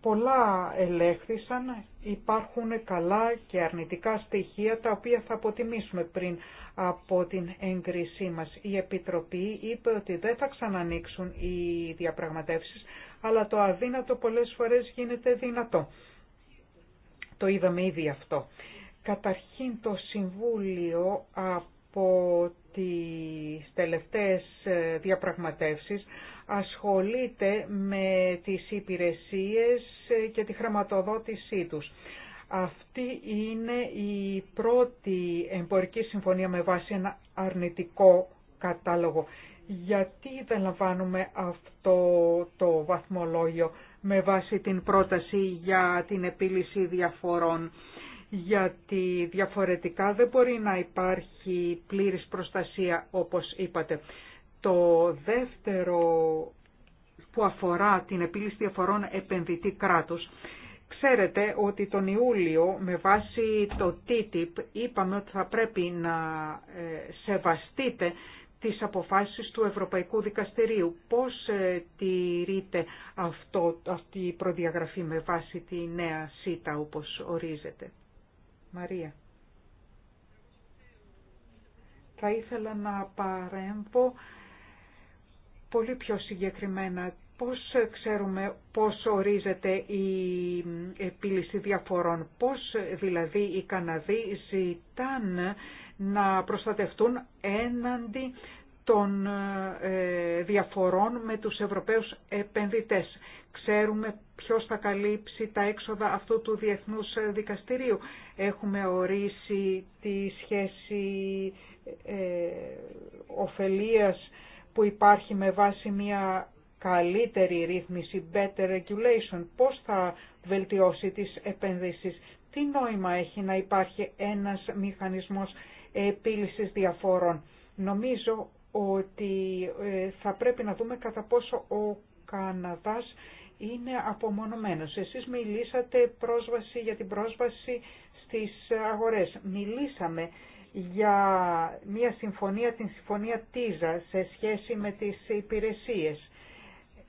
Πολλά ελέγχθησαν, υπάρχουν καλά και αρνητικά στοιχεία τα οποία θα αποτιμήσουμε πριν από την έγκρισή μας. Η Επιτροπή είπε ότι δεν θα ξανανοίξουν οι διαπραγματεύσεις, αλλά το αδύνατο πολλές φορές γίνεται δυνατό. Το είδαμε ήδη αυτό. Καταρχήν το Συμβούλιο από τις τελευταίες ε, διαπραγματεύσεις ασχολείται με τις υπηρεσίες και τη χρηματοδότησή τους. Αυτή είναι η πρώτη εμπορική συμφωνία με βάση ένα αρνητικό κατάλογο. Γιατί δεν λαμβάνουμε αυτό το βαθμολόγιο με βάση την πρόταση για την επίλυση διαφορών γιατί διαφορετικά δεν μπορεί να υπάρχει πλήρης προστασία όπως είπατε. Το δεύτερο που αφορά την επίλυση διαφορών επενδυτή κράτους. Ξέρετε ότι τον Ιούλιο με βάση το TTIP είπαμε ότι θα πρέπει να ε, σεβαστείτε τις αποφάσεις του Ευρωπαϊκού Δικαστηρίου. Πώς ε, τηρείται αυτό, αυτή η προδιαγραφή με βάση τη νέα ΣΥΤΑ όπως ορίζεται. Μαρία. Θα ήθελα να παρέμβω πολύ πιο συγκεκριμένα πώς ξέρουμε πώς ορίζεται η επίλυση διαφορών, πώς δηλαδή οι Καναδοί ζητάνε να προστατευτούν έναντι των ε, διαφορών με τους Ευρωπαίους επενδυτές. Ξέρουμε ποιος θα καλύψει τα έξοδα αυτού του Διεθνούς Δικαστηρίου. Έχουμε ορίσει τη σχέση ε, που υπάρχει με βάση μια καλύτερη ρύθμιση, better regulation, πώς θα βελτιώσει τις επενδύσεις. Τι νόημα έχει να υπάρχει ένας μηχανισμός επίλυσης διαφόρων. Νομίζω ότι ε, θα πρέπει να δούμε κατά πόσο ο Καναδάς είναι απομονωμένος. Εσείς μιλήσατε πρόσβαση για την πρόσβαση στις αγορές. Μιλήσαμε για μια συμφωνία, την συμφωνία Τίζα, σε σχέση με τις υπηρεσίες.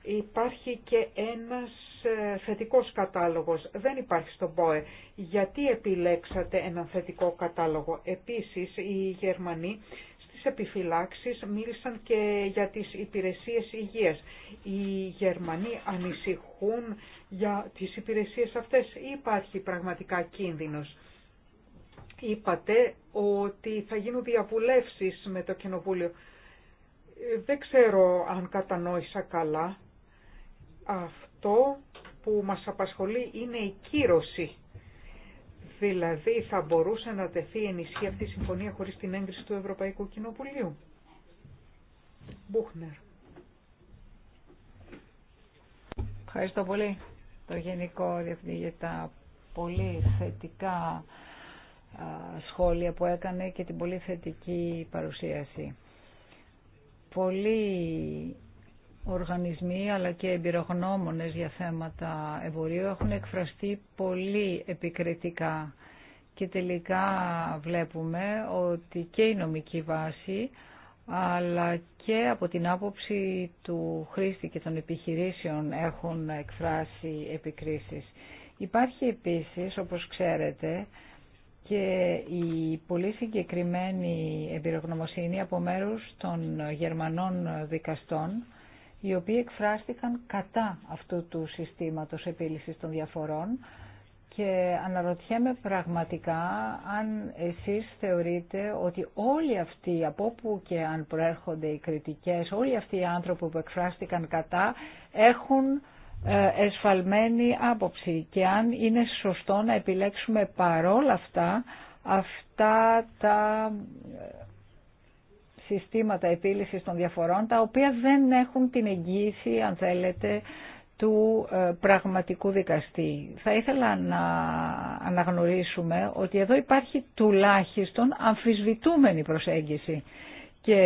Υπάρχει και ένας ε, θετικός κατάλογος. Δεν υπάρχει στον ΠΟΕ. Γιατί επιλέξατε έναν θετικό κατάλογο. Επίσης, οι Γερμανοί στις επιφυλάξεις μίλησαν και για τις υπηρεσίες υγείας. Οι Γερμανοί ανησυχούν για τις υπηρεσίες αυτές ή υπάρχει πραγματικά κίνδυνος. Είπατε ότι θα γίνουν διαβουλεύσεις με το Κοινοβούλιο. Ε, δεν ξέρω αν κατανόησα καλά. Αυτό που μας απασχολεί είναι η κύρωση. Δηλαδή θα μπορούσε να τεθεί ενισχύ αυτή η συμφωνία χωρίς την έγκριση του Ευρωπαϊκού Κοινοβουλίου. Μπούχνερ. Ευχαριστώ πολύ το Γενικό Διευθυντή για τα πολύ θετικά σχόλια που έκανε και την πολύ θετική παρουσίαση. Πολλοί οργανισμοί αλλά και εμπειρογνώμονες για θέματα εμπορίου έχουν εκφραστεί πολύ επικριτικά και τελικά βλέπουμε ότι και η νομική βάση αλλά και από την άποψη του χρήστη και των επιχειρήσεων έχουν εκφράσει επικρίσεις. Υπάρχει επίσης, όπως ξέρετε, και η πολύ συγκεκριμένη εμπειρογνωμοσύνη από μέρους των Γερμανών δικαστών οι οποίοι εκφράστηκαν κατά αυτού του συστήματος επίλυσης των διαφορών και αναρωτιέμαι πραγματικά αν εσείς θεωρείτε ότι όλοι αυτοί, από όπου και αν προέρχονται οι κριτικές, όλοι αυτοί οι άνθρωποι που εκφράστηκαν κατά έχουν ε, εσφαλμένη άποψη και αν είναι σωστό να επιλέξουμε παρόλα αυτά αυτά τα ε, συστήματα επίλυσης των διαφορών τα οποία δεν έχουν την εγγύηση αν θέλετε του ε, πραγματικού δικαστή. Θα ήθελα να αναγνωρίσουμε ότι εδώ υπάρχει τουλάχιστον αμφισβητούμενη προσέγγιση και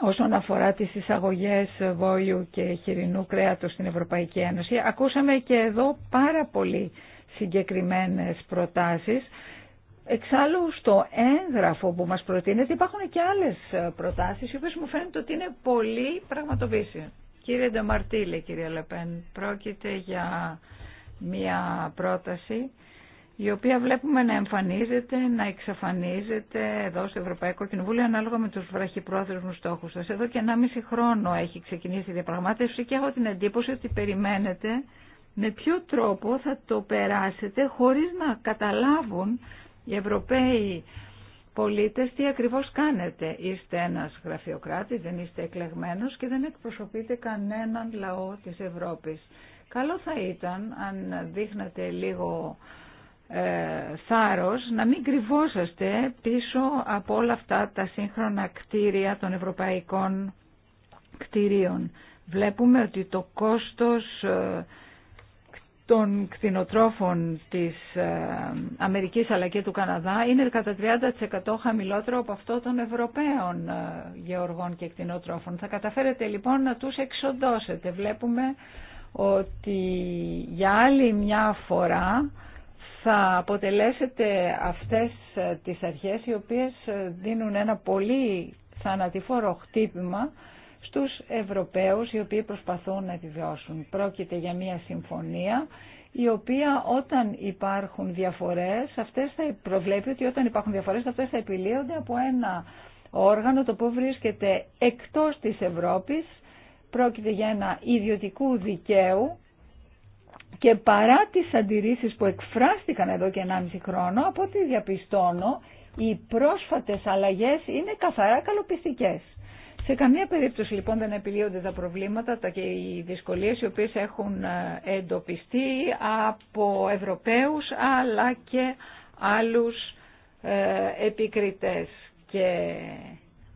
όσον αφορά τις εισαγωγές βόλιου και χοιρινού κρέατος στην Ευρωπαϊκή Ένωση. Ακούσαμε και εδώ πάρα πολύ συγκεκριμένες προτάσεις. Εξάλλου στο έγγραφο που μας προτείνεται υπάρχουν και άλλες προτάσεις οι οποίες μου φαίνεται ότι είναι πολύ πραγματοποίηση. Κύριε Ντεμαρτή, λέει κυρία Λεπέν, πρόκειται για μια πρόταση η οποία βλέπουμε να εμφανίζεται, να εξαφανίζεται εδώ στο Ευρωπαϊκό Κοινοβούλιο ανάλογα με τους βραχυπρόθεσμους στόχους σας. Εδώ και 1,5 χρόνο έχει ξεκινήσει η διαπραγμάτευση και έχω την εντύπωση ότι περιμένετε με ποιο τρόπο θα το περάσετε χωρίς να καταλάβουν οι Ευρωπαίοι πολίτες τι ακριβώς κάνετε. Είστε ένας γραφειοκράτης, δεν είστε εκλεγμένος και δεν εκπροσωπείτε κανέναν λαό της Ευρώπης. Καλό θα ήταν αν δείχνατε λίγο ε, θάρρος να μην κρυβόσαστε πίσω από όλα αυτά τα σύγχρονα κτίρια των ευρωπαϊκών κτίριων. Βλέπουμε ότι το κόστος ε, των κτηνοτρόφων της ε, Αμερικής αλλά και του Καναδά είναι κατά 30% χαμηλότερο από αυτό των Ευρωπαίων ε, γεωργών και κτηνοτρόφων. Θα καταφέρετε λοιπόν να τους εξοντώσετε. Βλέπουμε ότι για άλλη μια φορά θα αποτελέσετε αυτές ε, τις αρχές οι οποίες ε, δίνουν ένα πολύ θανατηφόρο χτύπημα στους Ευρωπαίους οι οποίοι προσπαθούν να επιβιώσουν. Πρόκειται για μια συμφωνία η οποία όταν υπάρχουν διαφορές, αυτές θα προβλέπει ότι όταν υπάρχουν διαφορές αυτές θα επιλύονται από ένα όργανο το οποίο βρίσκεται εκτός της Ευρώπης, πρόκειται για ένα ιδιωτικού δικαίου και παρά τις αντιρρήσεις που εκφράστηκαν εδώ και 1,5 χρόνο, από ό,τι διαπιστώνω, οι πρόσφατες αλλαγές είναι καθαρά καλοπιστικές. Σε καμία περίπτωση λοιπόν δεν επιλύονται τα προβλήματα τα και οι δυσκολίες οι οποίες έχουν ε, εντοπιστεί από Ευρωπαίους αλλά και άλλους ε, επικριτές. Και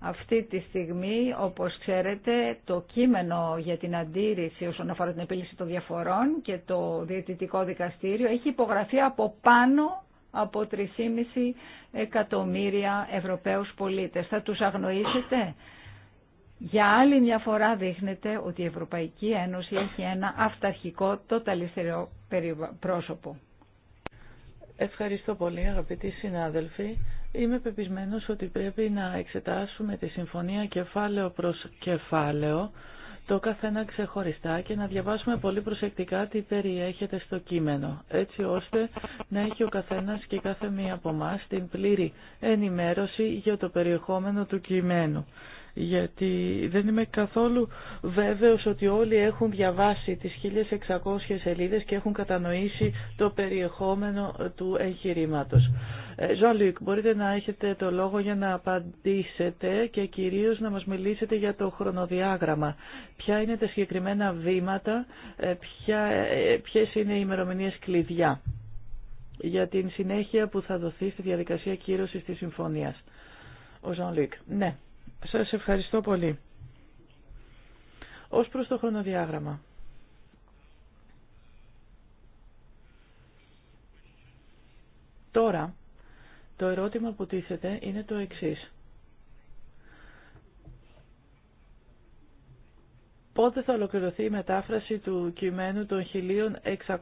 αυτή τη στιγμή, όπως ξέρετε, το κείμενο για την αντίρρηση όσον αφορά την επίλυση των διαφορών και το Διαιτητικό Δικαστήριο έχει υπογραφεί από πάνω από 3,5 εκατομμύρια Ευρωπαίους πολίτες. Θα τους αγνοήσετε. Για άλλη μια φορά δείχνετε ότι η Ευρωπαϊκή Ένωση έχει ένα αυταρχικό τοταλιστερό πρόσωπο. Ευχαριστώ πολύ αγαπητοί συνάδελφοι. Είμαι πεπισμένος ότι πρέπει να εξετάσουμε τη συμφωνία κεφάλαιο προς κεφάλαιο, το καθένα ξεχωριστά και να διαβάσουμε πολύ προσεκτικά τι περιέχεται στο κείμενο, έτσι ώστε να έχει ο καθένας και κάθε μία από εμά την πλήρη ενημέρωση για το περιεχόμενο του κειμένου. Γιατί δεν είμαι καθόλου βέβαιος ότι όλοι έχουν διαβάσει τις 1600 σελίδες και έχουν κατανοήσει το περιεχόμενο του εγχειρήματος. Ζωλίκ, ε, μπορείτε να έχετε το λόγο για να απαντήσετε και κυρίως να μας μιλήσετε για το χρονοδιάγραμμα. Ποια είναι τα συγκεκριμένα βήματα, ε, ποια, ε, ποιες είναι οι ημερομηνίε κλειδιά για την συνέχεια που θα δοθεί στη διαδικασία κύρωσης της συμφωνίας. Ο Ζωλίκ, ναι, σας ευχαριστώ πολύ. Ως προς το χρονοδιάγραμμα. Τώρα, το ερώτημα που τίθεται είναι το εξής. πότε θα ολοκληρωθεί η μετάφραση του κειμένου των 1600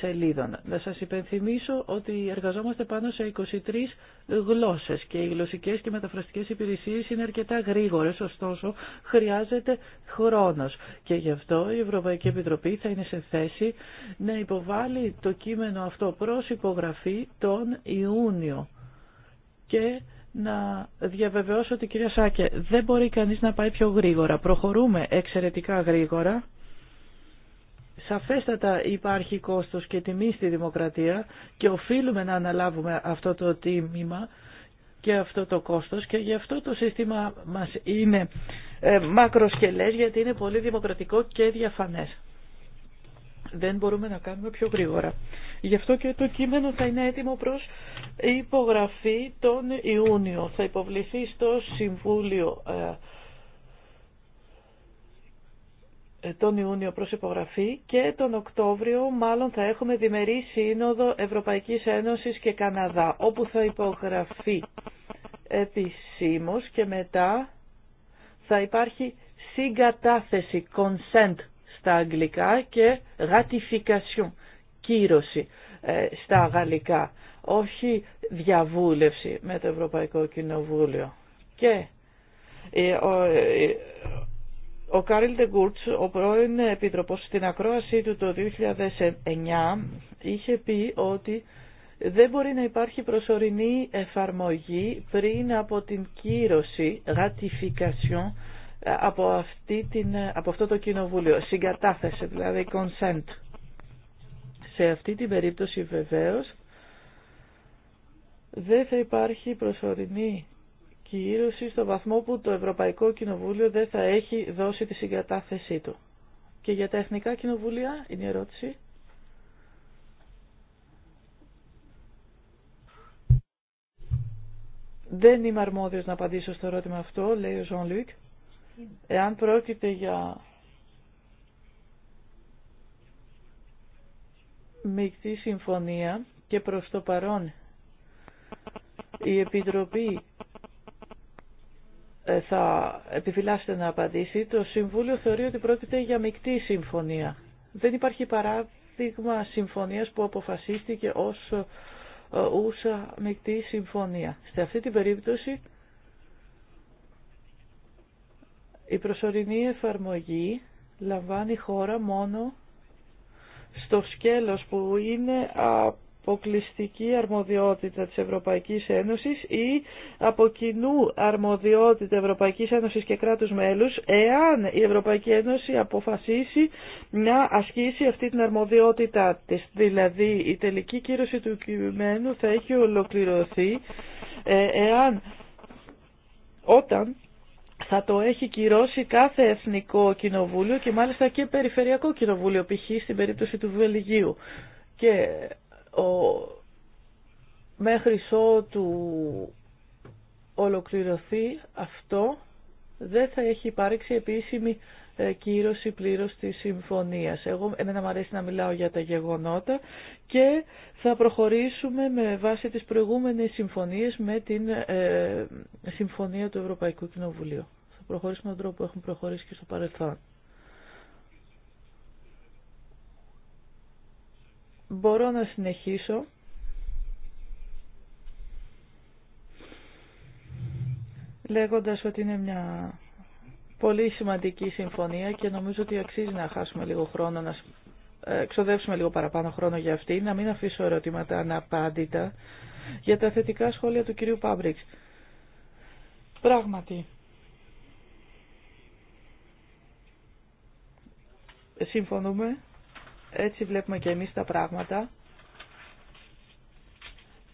σελίδων. Να σας υπενθυμίσω ότι εργαζόμαστε πάνω σε 23 γλώσσες και οι γλωσσικές και μεταφραστικές υπηρεσίες είναι αρκετά γρήγορες, ωστόσο χρειάζεται χρόνος και γι' αυτό η Ευρωπαϊκή Επιτροπή θα είναι σε θέση να υποβάλει το κείμενο αυτό προς υπογραφή τον Ιούνιο και να διαβεβαιώσω ότι κυρία Σάκε δεν μπορεί κανείς να πάει πιο γρήγορα. Προχωρούμε εξαιρετικά γρήγορα. Σαφέστατα υπάρχει κόστος και τιμή στη δημοκρατία και οφείλουμε να αναλάβουμε αυτό το τίμημα και αυτό το κόστος και γι' αυτό το σύστημα μας είναι ε, μακροσκελές γιατί είναι πολύ δημοκρατικό και διαφανές δεν μπορούμε να κάνουμε πιο γρήγορα. Γι' αυτό και το κείμενο θα είναι έτοιμο προς υπογραφή τον Ιούνιο. Θα υποβληθεί στο Συμβούλιο ε, ε, τον Ιούνιο προς υπογραφή και τον Οκτώβριο μάλλον θα έχουμε διμερή σύνοδο Ευρωπαϊκής Ένωσης και Καναδά όπου θα υπογραφεί επισήμως και μετά θα υπάρχει συγκατάθεση, consent στα αγγλικά και ratification, κύρωση ε, στα γαλλικά, όχι διαβούλευση με το Ευρωπαϊκό Κοινοβούλιο. Και ε, ε, ο Κάριλ Ντεγκούρτς, ο πρώην Επίτροπος, στην ακρόασή του το 2009 είχε πει ότι δεν μπορεί να υπάρχει προσωρινή εφαρμογή πριν από την κύρωση, ratification, από, την, αυτό το κοινοβούλιο. Συγκατάθεση, δηλαδή consent. Σε αυτή την περίπτωση βεβαίως δεν θα υπάρχει προσωρινή κύρωση στο βαθμό που το Ευρωπαϊκό Κοινοβούλιο δεν θα έχει δώσει τη συγκατάθεσή του. Και για τα εθνικά κοινοβούλια είναι η ερώτηση. Δεν είμαι αρμόδιος να απαντήσω στο ερώτημα αυτό, λέει ο Ζων Λουίκ. Εάν πρόκειται για μεικτή συμφωνία και προς το παρόν η Επιτροπή ε, θα επιφυλάσσεται να απαντήσει, το Συμβούλιο θεωρεί ότι πρόκειται για μεικτή συμφωνία. Δεν υπάρχει παράδειγμα συμφωνίας που αποφασίστηκε ως ε, ούσα μεικτή συμφωνία. Σε αυτή την περίπτωση Η προσωρινή εφαρμογή λαμβάνει χώρα μόνο στο σκέλος που είναι αποκλειστική αρμοδιότητα της Ευρωπαϊκής Ένωσης ή από κοινού αρμοδιότητα Ευρωπαϊκής Ένωσης και κράτους μέλους εάν η Ευρωπαϊκή Ένωση αποφασίσει να ασκήσει αυτή την αρμοδιότητά της. Δηλαδή η τελική κύρωση του κειμένου θα έχει ολοκληρωθεί ε, εάν όταν θα το έχει κυρώσει κάθε εθνικό κοινοβούλιο και μάλιστα και περιφερειακό κοινοβούλιο, π.χ. στην περίπτωση του Βελγίου. Και ο... μέχρι ότου ολοκληρωθεί αυτό, δεν θα έχει υπάρξει επίσημη ε, κύρωση πλήρως της συμφωνίας. Εγώ, εμένα μου αρέσει να μιλάω για τα γεγονότα και θα προχωρήσουμε με βάση τις προηγούμενες συμφωνίες με την ε, Συμφωνία του Ευρωπαϊκού Κοινοβουλίου θα προχωρήσουν τον τρόπο που έχουν προχωρήσει και στο παρελθόν. Μπορώ να συνεχίσω. λέγοντας ότι είναι μια πολύ σημαντική συμφωνία και νομίζω ότι αξίζει να χάσουμε λίγο χρόνο, να εξοδεύσουμε λίγο παραπάνω χρόνο για αυτή, να μην αφήσω ερωτήματα αναπάντητα για τα θετικά σχόλια του κυρίου Πάμπριξ. Πράγματι, συμφωνούμε, έτσι βλέπουμε και εμείς τα πράγματα.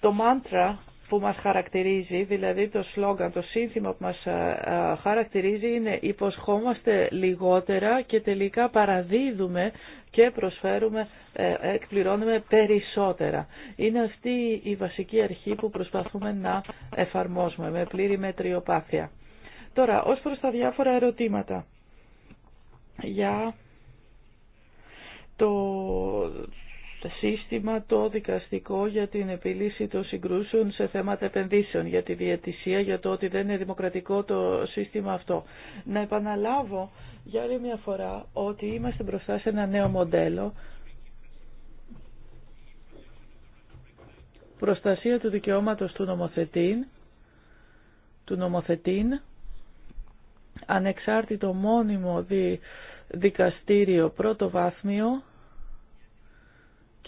Το μάντρα που μας χαρακτηρίζει, δηλαδή το σλόγγαν, το σύνθημα που μας ε, ε, χαρακτηρίζει είναι υποσχόμαστε λιγότερα και τελικά παραδίδουμε και προσφέρουμε, ε, εκπληρώνουμε περισσότερα. Είναι αυτή η βασική αρχή που προσπαθούμε να εφαρμόσουμε με πλήρη μετριοπάθεια. Τώρα, ως προς τα διάφορα ερωτήματα για το σύστημα το δικαστικό για την επιλύση των συγκρούσεων σε θέματα επενδύσεων, για τη διαιτησία, για το ότι δεν είναι δημοκρατικό το σύστημα αυτό. Να επαναλάβω για άλλη μια φορά ότι είμαστε μπροστά σε ένα νέο μοντέλο προστασία του δικαιώματος του νομοθετήν, του νομοθετήν ανεξάρτητο μόνιμο δι, δικαστήριο πρώτο βάθμιο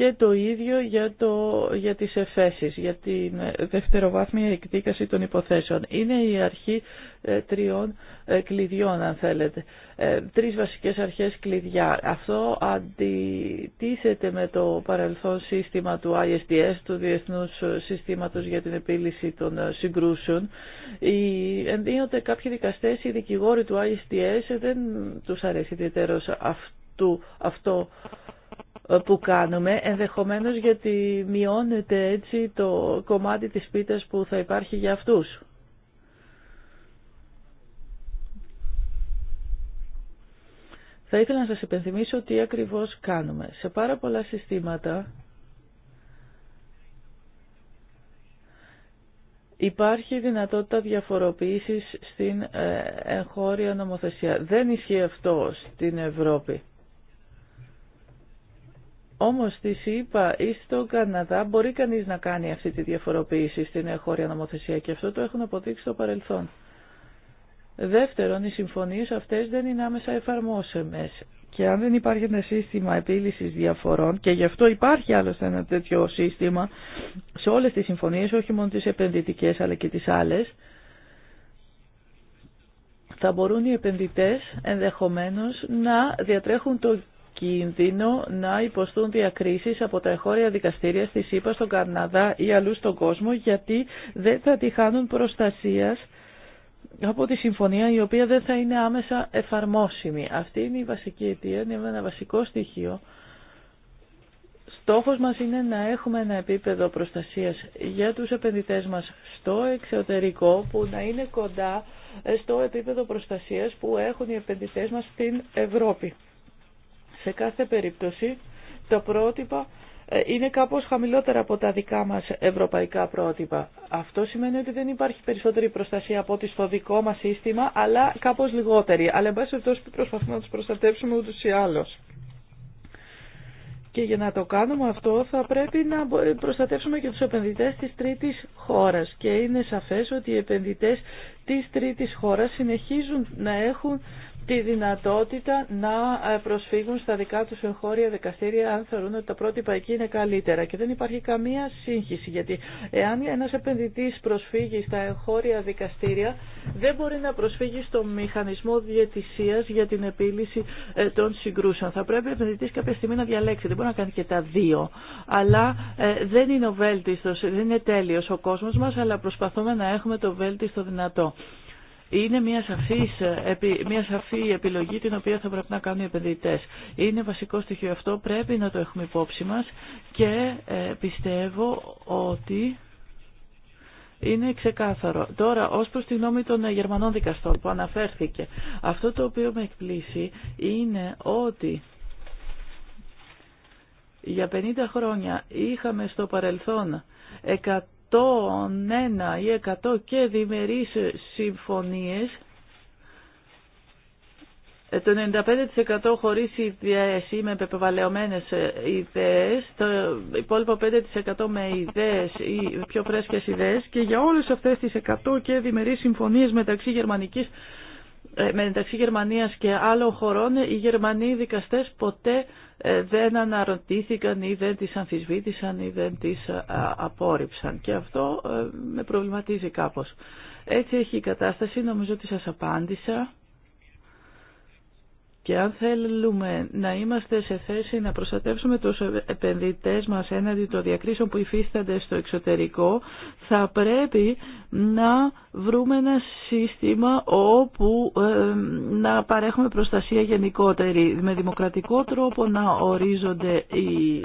και το ίδιο για, το, για τις εφέσεις, για την δευτεροβάθμια εκδίκαση των υποθέσεων. Είναι η αρχή ε, τριών ε, κλειδιών, αν θέλετε. Ε, τρεις βασικές αρχές κλειδιά. Αυτό αντιτίθεται με το παρελθόν σύστημα του ISDS, του Διεθνούς Συστήματος για την Επίλυση των Συγκρούσεων. Οι, κάποιοι δικαστές, οι δικηγόροι του ISDS, δεν τους αρέσει ιδιαίτερος αυτού, αυτό που κάνουμε, ενδεχομένως γιατί μειώνεται έτσι το κομμάτι της πίτας που θα υπάρχει για αυτούς. Θα ήθελα να σας υπενθυμίσω τι ακριβώς κάνουμε. Σε πάρα πολλά συστήματα Υπάρχει δυνατότητα διαφοροποίησης στην ε, εγχώρια νομοθεσία. Δεν ισχύει αυτό στην Ευρώπη. Όμως στη είπα, ή στο Καναδά μπορεί κανείς να κάνει αυτή τη διαφοροποίηση στην εγχώρια νομοθεσία και αυτό το έχουν αποδείξει στο παρελθόν. Δεύτερον, οι συμφωνίες αυτές δεν είναι άμεσα εφαρμόσεμες και αν δεν υπάρχει ένα σύστημα επίλυσης διαφορών και γι' αυτό υπάρχει άλλωστε ένα τέτοιο σύστημα σε όλες τις συμφωνίες, όχι μόνο τις επενδυτικές αλλά και τις άλλες, θα μπορούν οι επενδυτές ενδεχομένως να διατρέχουν το κίνδυνο να υποστούν διακρίσεις από τα εγχώρια δικαστήρια στη ΣΥΠΑ, στον Καναδά ή αλλού στον κόσμο γιατί δεν θα τη χάνουν προστασίας από τη συμφωνία η οποία δεν θα είναι άμεσα εφαρμόσιμη. Αυτή είναι η βασική αιτία, είναι ένα βασικό στοιχείο. Στόχος μας είναι να έχουμε ένα επίπεδο προστασίας για τους επενδυτές μας στο εξωτερικό που να είναι κοντά στο επίπεδο προστασίας που έχουν οι επενδυτές μας στην Ευρώπη. Σε κάθε περίπτωση τα πρότυπα ε, είναι κάπως χαμηλότερα από τα δικά μας ευρωπαϊκά πρότυπα. Αυτό σημαίνει ότι δεν υπάρχει περισσότερη προστασία από ό,τι στο δικό μας σύστημα, αλλά κάπως λιγότερη. Αλλά εν πάση περιπτώσει προσπαθούμε να τους προστατεύσουμε ούτως ή άλλως. Και για να το κάνουμε αυτό θα πρέπει να προστατεύσουμε και τους επενδυτές της τρίτης χώρας. Και είναι σαφές ότι οι επενδυτές της τρίτης χώρας συνεχίζουν να έχουν τη δυνατότητα να ε, προσφύγουν στα δικά τους εγχώρια δικαστήρια αν θεωρούν ότι τα πρότυπα εκεί είναι καλύτερα. Και δεν υπάρχει καμία σύγχυση, γιατί εάν ένας επενδυτής προσφύγει στα εγχώρια δικαστήρια, δεν μπορεί να προσφύγει στο μηχανισμό διαιτησίας για την επίλυση ε, των συγκρούσεων. Θα πρέπει ο επενδυτής κάποια στιγμή να διαλέξει, δεν μπορεί να κάνει και τα δύο. Αλλά ε, δεν είναι ο βέλτιστος, δεν είναι τέλειος ο κόσμος μας, αλλά προσπαθούμε να έχουμε το βέλτιστο δυνατό είναι μια, σαφής, μια σαφή επιλογή την οποία θα πρέπει να κάνουν οι επενδυτέ. Είναι βασικό στοιχείο αυτό, πρέπει να το έχουμε υπόψη μας και ε, πιστεύω ότι είναι ξεκάθαρο. Τώρα, ως προς τη γνώμη των ε, Γερμανών δικαστών που αναφέρθηκε, αυτό το οποίο με εκπλήσει είναι ότι για 50 χρόνια είχαμε στο παρελθόν 1 ή 100 και διμερείς συμφωνίες ε, το 95% χωρίς ιδέες ή με πεπεβαλαιωμένες ιδέες, το υπόλοιπο 5% με ιδέες ή πιο φρέσκες ιδέες και για όλες αυτές τις 100 και διμερείς συμφωνίες μεταξύ γερμανικής ε, μεταξύ Γερμανίας και άλλων χωρών οι Γερμανοί δικαστές ποτέ ε, δεν αναρωτήθηκαν ή δεν τις αμφισβήτησαν ή δεν τις ε, απόρριψαν και αυτό με προβληματίζει κάπως. Έτσι έχει η κατάσταση, νομίζω ότι σας απάντησα. Και αν θέλουμε να είμαστε σε θέση να προστατεύσουμε τους επενδυτές μας έναντι των διακρίσεων που υφίστανται στο εξωτερικό, θα πρέπει να βρούμε ένα σύστημα όπου ε, να παρέχουμε προστασία γενικότερη, με δημοκρατικό τρόπο να ορίζονται οι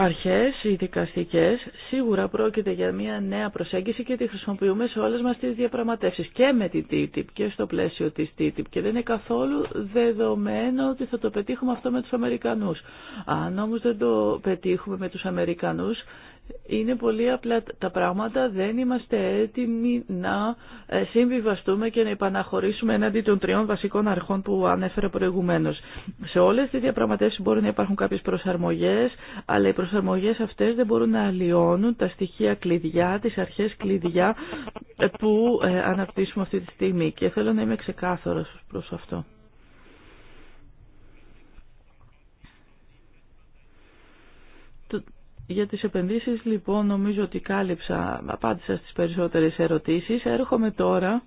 αρχές, οι δικαστικές, σίγουρα πρόκειται για μια νέα προσέγγιση και τη χρησιμοποιούμε σε όλες μας τις διαπραγματεύσεις και με την TTIP και στο πλαίσιο της TTIP και δεν είναι καθόλου δεδομένο ότι θα το πετύχουμε αυτό με τους Αμερικανούς. Αν όμως δεν το πετύχουμε με τους Αμερικανούς είναι πολύ απλά τα πράγματα, δεν είμαστε έτοιμοι να ε, συμβιβαστούμε και να επαναχωρήσουμε έναντι των τριών βασικών αρχών που ανέφερα προηγουμένως. Σε όλες τις διαπραγματεύσεις μπορεί να υπάρχουν κάποιες προσαρμογές, αλλά οι προσαρμογές αυτές δεν μπορούν να αλλοιώνουν τα στοιχεία κλειδιά, τις αρχές κλειδιά ε, που ε, αναπτύσσουμε αυτή τη στιγμή. Και θέλω να είμαι ξεκάθαρος προς αυτό. Για τις επενδύσεις λοιπόν νομίζω ότι κάλυψα, απάντησα στις περισσότερες ερωτήσεις. Έρχομαι τώρα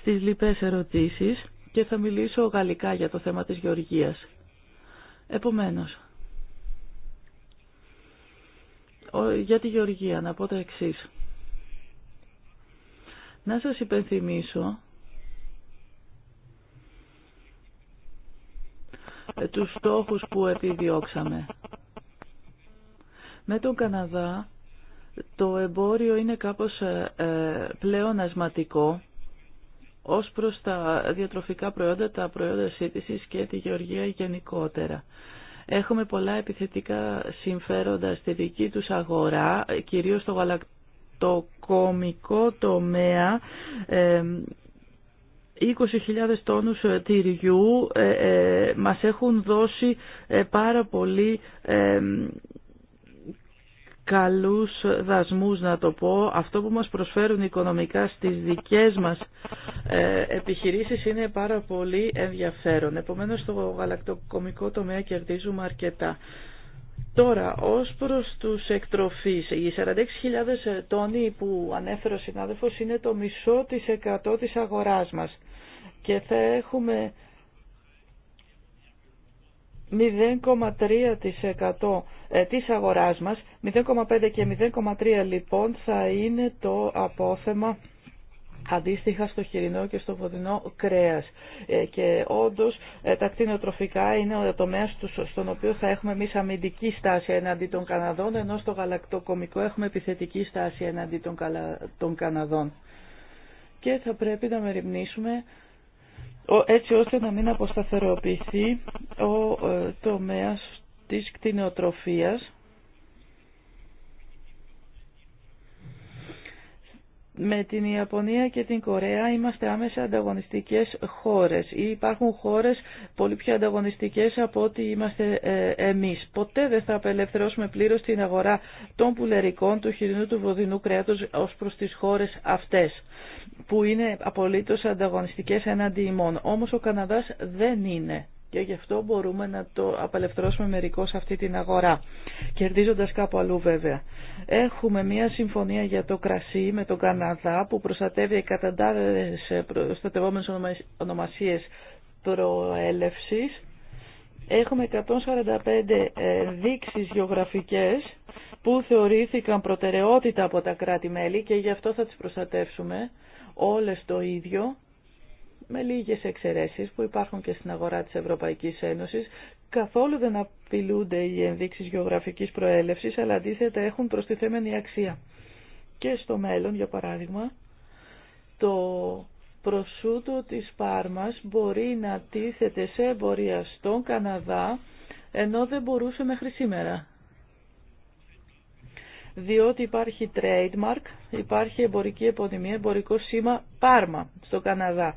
στις λοιπές ερωτήσεις και θα μιλήσω γαλλικά για το θέμα της γεωργίας. Επομένως, για τη γεωργία να πω τα εξής. Να σας υπενθυμίσω τους στόχους που επιδιώξαμε. Με τον Καναδά το εμπόριο είναι κάπως ε, ε, πλέον ασματικό ως προς τα διατροφικά προϊόντα, τα προϊόντα σύντησης και τη γεωργία γενικότερα. Έχουμε πολλά επιθετικά συμφέροντα στη δική τους αγορά, κυρίως στο γαλακτοκομικό τομέα, 20.000 ε, τόνους τυριού μας έχουν δώσει πάρα πολύ καλούς δασμούς να το πω. Αυτό που μας προσφέρουν οικονομικά στις δικές μας ε, επιχειρήσεις είναι πάρα πολύ ενδιαφέρον. Επομένως στο γαλακτοκομικό τομέα κερδίζουμε αρκετά. Τώρα, ως προς τους εκτροφείς, οι 46.000 τόνοι που ανέφερε ο συνάδελφος είναι το μισό της εκατό της αγοράς μας και θα έχουμε 0,3% ε, της αγοράς μας. 0,5 και 0,3 λοιπόν θα είναι το απόθεμα αντίστοιχα στο χοιρινό και στο βοδινό κρέας. Ε, και όντως ε, τα κτηνοτροφικά είναι ο τομέας στον οποίο θα έχουμε εμεί αμυντική στάση εναντί των Καναδών, ενώ στο γαλακτοκομικό έχουμε επιθετική στάση εναντί των, Καναδών. Και θα πρέπει να μεριμνήσουμε έτσι ώστε να μην αποσταθεροποιηθεί ο τομέας της κτηνοτροφίας με την Ιαπωνία και την Κορέα είμαστε άμεσα ανταγωνιστικές χώρες ή υπάρχουν χώρες πολύ πιο ανταγωνιστικές από ό,τι είμαστε ε, εμείς. Ποτέ δεν θα απελευθερώσουμε πλήρως την αγορά των πουλερικών του χοιρινού του βοδινού κρέατος ως προς τις χώρες αυτές που είναι απολύτως ανταγωνιστικές έναντι ημών. Όμως ο Καναδάς δεν είναι και γι' αυτό μπορούμε να το απελευθερώσουμε μερικώς αυτή την αγορά, κερδίζοντας κάπου αλλού βέβαια. Έχουμε μια συμφωνία για το κρασί με τον Καναδά που προστατεύει εκατοντάδες ε, προστατευόμενες ονομασίες προέλευση. Έχουμε 145 ε, δείξεις γεωγραφικές που θεωρήθηκαν προτεραιότητα από τα κράτη-μέλη και γι' αυτό θα τις προστατεύσουμε όλες το ίδιο με λίγες εξαιρέσεις που υπάρχουν και στην αγορά της Ευρωπαϊκής Ένωσης, καθόλου δεν απειλούνται οι ενδείξεις γεωγραφικής προέλευσης, αλλά αντίθετα έχουν προστιθέμενη αξία. Και στο μέλλον, για παράδειγμα, το προσούτο της Πάρμας μπορεί να τίθεται σε εμπορία στον Καναδά, ενώ δεν μπορούσε μέχρι σήμερα. Διότι υπάρχει trademark, υπάρχει εμπορική επωνυμία, εμπορικό σήμα Πάρμα στο Καναδά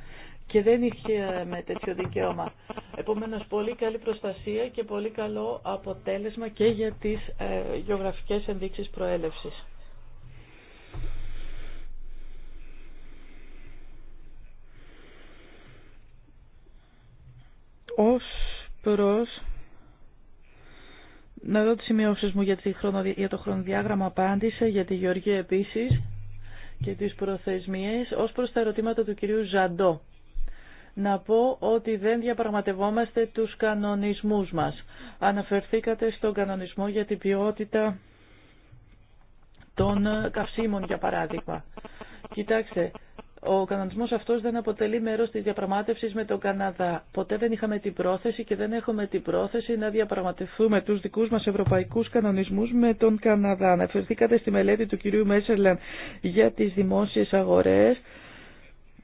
και δεν είχε με τέτοιο δικαίωμα. Επομένως, πολύ καλή προστασία και πολύ καλό αποτέλεσμα και για τις ε, γεωγραφικές ενδείξεις προέλευσης. Ως προς... Να δω τις σημειώσεις μου για το χρονοδιάγραμμα απάντησε, για τη Γεωργία επίσης και τις προθεσμίες. Ως προς τα ερωτήματα του κυρίου Ζαντό να πω ότι δεν διαπραγματευόμαστε τους κανονισμούς μας. Αναφερθήκατε στον κανονισμό για την ποιότητα των καυσίμων, για παράδειγμα. Κοιτάξτε, ο κανονισμός αυτός δεν αποτελεί μέρος της διαπραγμάτευσης με τον Καναδά. Ποτέ δεν είχαμε την πρόθεση και δεν έχουμε την πρόθεση να διαπραγματευτούμε τους δικούς μας ευρωπαϊκούς κανονισμούς με τον Καναδά. Αναφερθήκατε στη μελέτη του κυρίου Μέσελεν για τις δημόσιες αγορές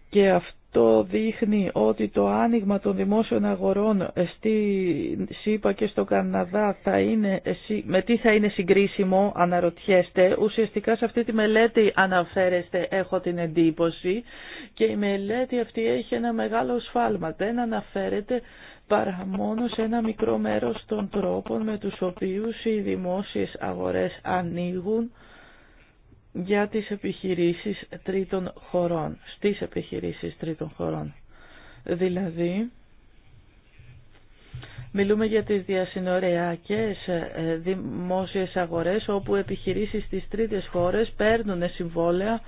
και αυτό το δείχνει ότι το άνοιγμα των δημόσιων αγορών στη ΣΥΠΑ και στο Καναδά θα είναι, με τι θα είναι συγκρίσιμο αναρωτιέστε. Ουσιαστικά σε αυτή τη μελέτη αναφέρεστε έχω την εντύπωση και η μελέτη αυτή έχει ένα μεγάλο σφάλμα. Δεν αναφέρεται παρά μόνο σε ένα μικρό μέρος των τρόπων με τους οποίους οι δημόσιες αγορές ανοίγουν για τις επιχειρήσεις τρίτων χωρών, στις επιχειρήσεις τρίτων χωρών. Δηλαδή, Μιλούμε για τις διασυνοριακές ε, δημόσιες αγορές όπου επιχειρήσεις στις τρίτες χώρες παίρνουν συμβόλαια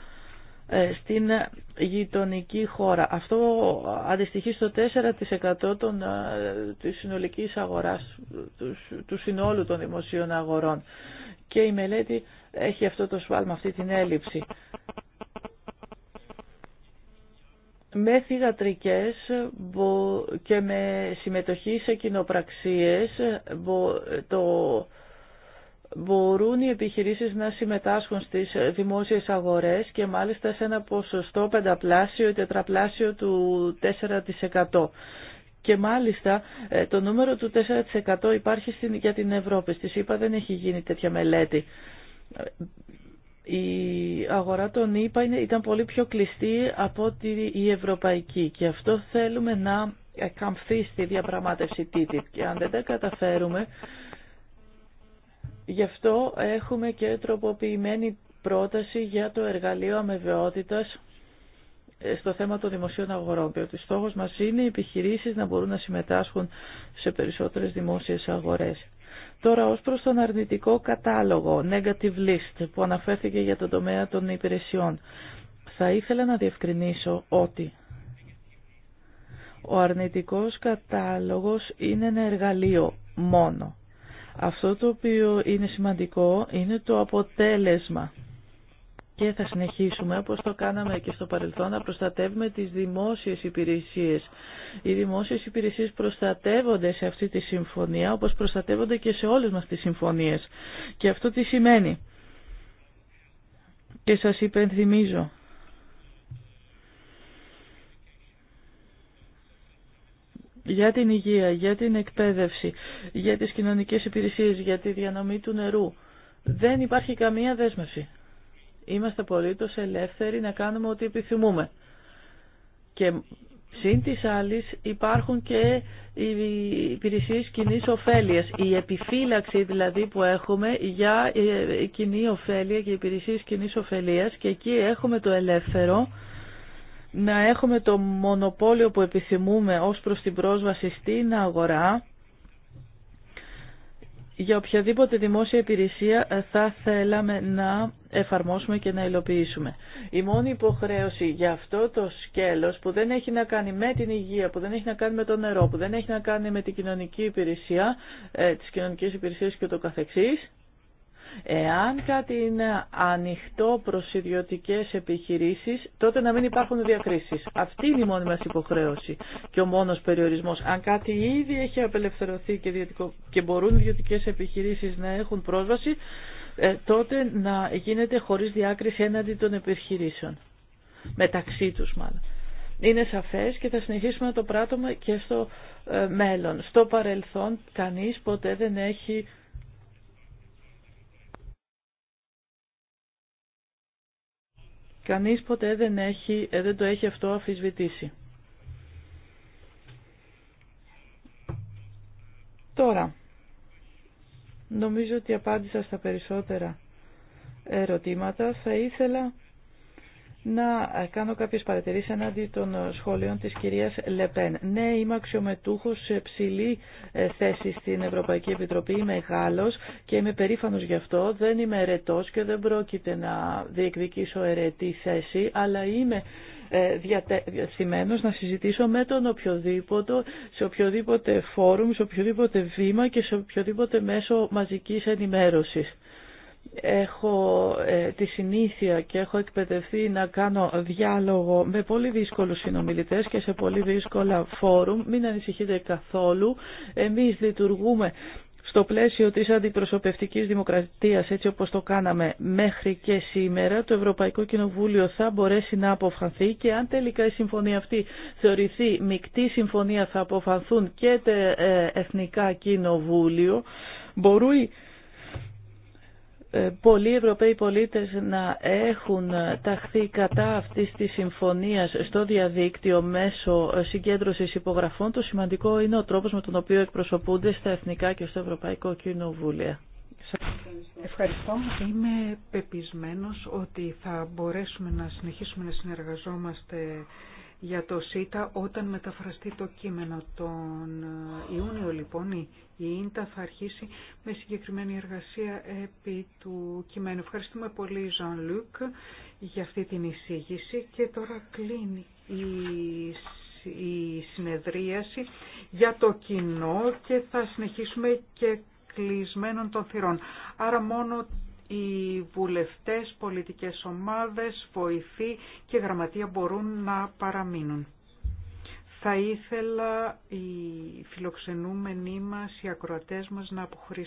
ε, στην γειτονική χώρα. Αυτό αντιστοιχεί στο 4% των, ε, της συνολικής αγοράς, του συνόλου των δημοσίων αγορών και η μελέτη έχει αυτό το σφάλμα, αυτή την έλλειψη. Με θηγατρικές και με συμμετοχή σε κοινοπραξίες το μπορούν οι επιχειρήσεις να συμμετάσχουν στις δημόσιες αγορές και μάλιστα σε ένα ποσοστό πενταπλάσιο ή τετραπλάσιο του 4% και μάλιστα ε, το νούμερο του 4% υπάρχει στην, για την Ευρώπη. Στη ΣΥΠΑ δεν έχει γίνει τέτοια μελέτη. Η αγορά των ΗΠΑ ήταν πολύ πιο κλειστή από ότι η ευρωπαϊκή και αυτό θέλουμε να καμφθεί στη διαπραγμάτευση TTIP και αν δεν τα καταφέρουμε γι' αυτό έχουμε και τροποποιημένη πρόταση για το εργαλείο αμεβαιότητας στο θέμα των δημοσίων αγορών και ότι στόχος μας είναι οι επιχειρήσεις να μπορούν να συμμετάσχουν σε περισσότερες δημόσιες αγορές. Τώρα ως προς τον αρνητικό κατάλογο, negative list, που αναφέρθηκε για τον τομέα των υπηρεσιών, θα ήθελα να διευκρινίσω ότι ο αρνητικός κατάλογος είναι ένα εργαλείο μόνο. Αυτό το οποίο είναι σημαντικό είναι το αποτέλεσμα και θα συνεχίσουμε όπως το κάναμε και στο παρελθόν να προστατεύουμε τις δημόσιες υπηρεσίες. Οι δημόσιες υπηρεσίες προστατεύονται σε αυτή τη συμφωνία όπως προστατεύονται και σε όλες μας τις συμφωνίες. Και αυτό τι σημαίνει. Και σας υπενθυμίζω. για την υγεία, για την εκπαίδευση, για τις κοινωνικές υπηρεσίες, για τη διανομή του νερού. Δεν υπάρχει καμία δέσμευση. Είμαστε απολύτως ελεύθεροι να κάνουμε ό,τι επιθυμούμε. Και Συν της άλλης υπάρχουν και οι υπηρεσίε κοινή ωφέλεια. Η επιφύλαξη δηλαδή που έχουμε για ε, κοινή ωφέλεια και υπηρεσίε κοινή ωφέλεια και εκεί έχουμε το ελεύθερο να έχουμε το μονοπόλιο που επιθυμούμε ως προς την πρόσβαση στην αγορά για οποιαδήποτε δημόσια υπηρεσία ε, θα θέλαμε να εφαρμόσουμε και να υλοποιήσουμε. Η μόνη υποχρέωση για αυτό το σκέλος που δεν έχει να κάνει με την υγεία, που δεν έχει να κάνει με το νερό, που δεν έχει να κάνει με την κοινωνική υπηρεσία, ε, τις κοινωνικές υπηρεσίες και το καθεξής, Εάν κάτι είναι ανοιχτό προς ιδιωτικές επιχειρήσεις, τότε να μην υπάρχουν διακρίσεις. Αυτή είναι η μόνη μας υποχρέωση και ο μόνος περιορισμός. Αν κάτι ήδη έχει απελευθερωθεί και, και μπορούν ιδιωτικές επιχειρήσεις να έχουν πρόσβαση, ε, τότε να γίνεται χωρίς διάκριση έναντι των επιχειρήσεων. Μεταξύ τους μάλλον. Είναι σαφές και θα συνεχίσουμε το πράττουμε και στο ε, μέλλον. Στο παρελθόν κανείς ποτέ δεν έχει Κανείς ποτέ δεν, έχει, ε, δεν το έχει αυτό αφισβητήσει. Τώρα, νομίζω ότι απάντησα στα περισσότερα ερωτήματα. Θα ήθελα να κάνω κάποιες παρατηρήσεις εναντί των σχολείων της κυρίας Λεπέν. Ναι, είμαι αξιομετούχος σε ψηλή ε, θέση στην Ευρωπαϊκή Επιτροπή, είμαι Γάλλος και είμαι περήφανος γι' αυτό. Δεν είμαι ερετός και δεν πρόκειται να διεκδικήσω ερετή θέση, αλλά είμαι ε, διατεθειμένος να συζητήσω με τον οποιοδήποτε, σε οποιοδήποτε φόρουμ, σε οποιοδήποτε βήμα και σε οποιοδήποτε μέσο μαζικής ενημέρωσης έχω ε, τη συνήθεια και έχω εκπαιδευτεί να κάνω διάλογο με πολύ δύσκολους συνομιλητές και σε πολύ δύσκολα φόρουμ. Μην ανησυχείτε καθόλου. Εμείς λειτουργούμε στο πλαίσιο της αντιπροσωπευτικής δημοκρατίας, έτσι όπως το κάναμε μέχρι και σήμερα, το Ευρωπαϊκό Κοινοβούλιο θα μπορέσει να αποφανθεί και αν τελικά η συμφωνία αυτή θεωρηθεί μεικτή συμφωνία θα αποφανθούν και τα ε, εθνικά κοινοβούλιο. Μπορεί ε, πολλοί Ευρωπαίοι πολίτες να έχουν ταχθεί κατά αυτής της συμφωνίας στο διαδίκτυο μέσω συγκέντρωσης υπογραφών, το σημαντικό είναι ο τρόπος με τον οποίο εκπροσωπούνται στα εθνικά και στο Ευρωπαϊκό Κοινοβούλιο. Ευχαριστώ. Είμαι πεπισμένος ότι θα μπορέσουμε να συνεχίσουμε να συνεργαζόμαστε για το ΣΥΤΑ όταν μεταφραστεί το κείμενο. Τον Ιούνιο λοιπόν η ίντα θα αρχίσει με συγκεκριμένη εργασία επί του κειμένου. Ευχαριστούμε πολύ Ζαν Λουκ για αυτή την εισήγηση και τώρα κλείνει η συνεδρίαση για το κοινό και θα συνεχίσουμε και κλεισμένων των θυρών. Άρα μόνο οι βουλευτές, πολιτικές ομάδες, βοηθοί και γραμματεία μπορούν να παραμείνουν. Θα ήθελα οι φιλοξενούμενοι μας, οι ακροατές μας να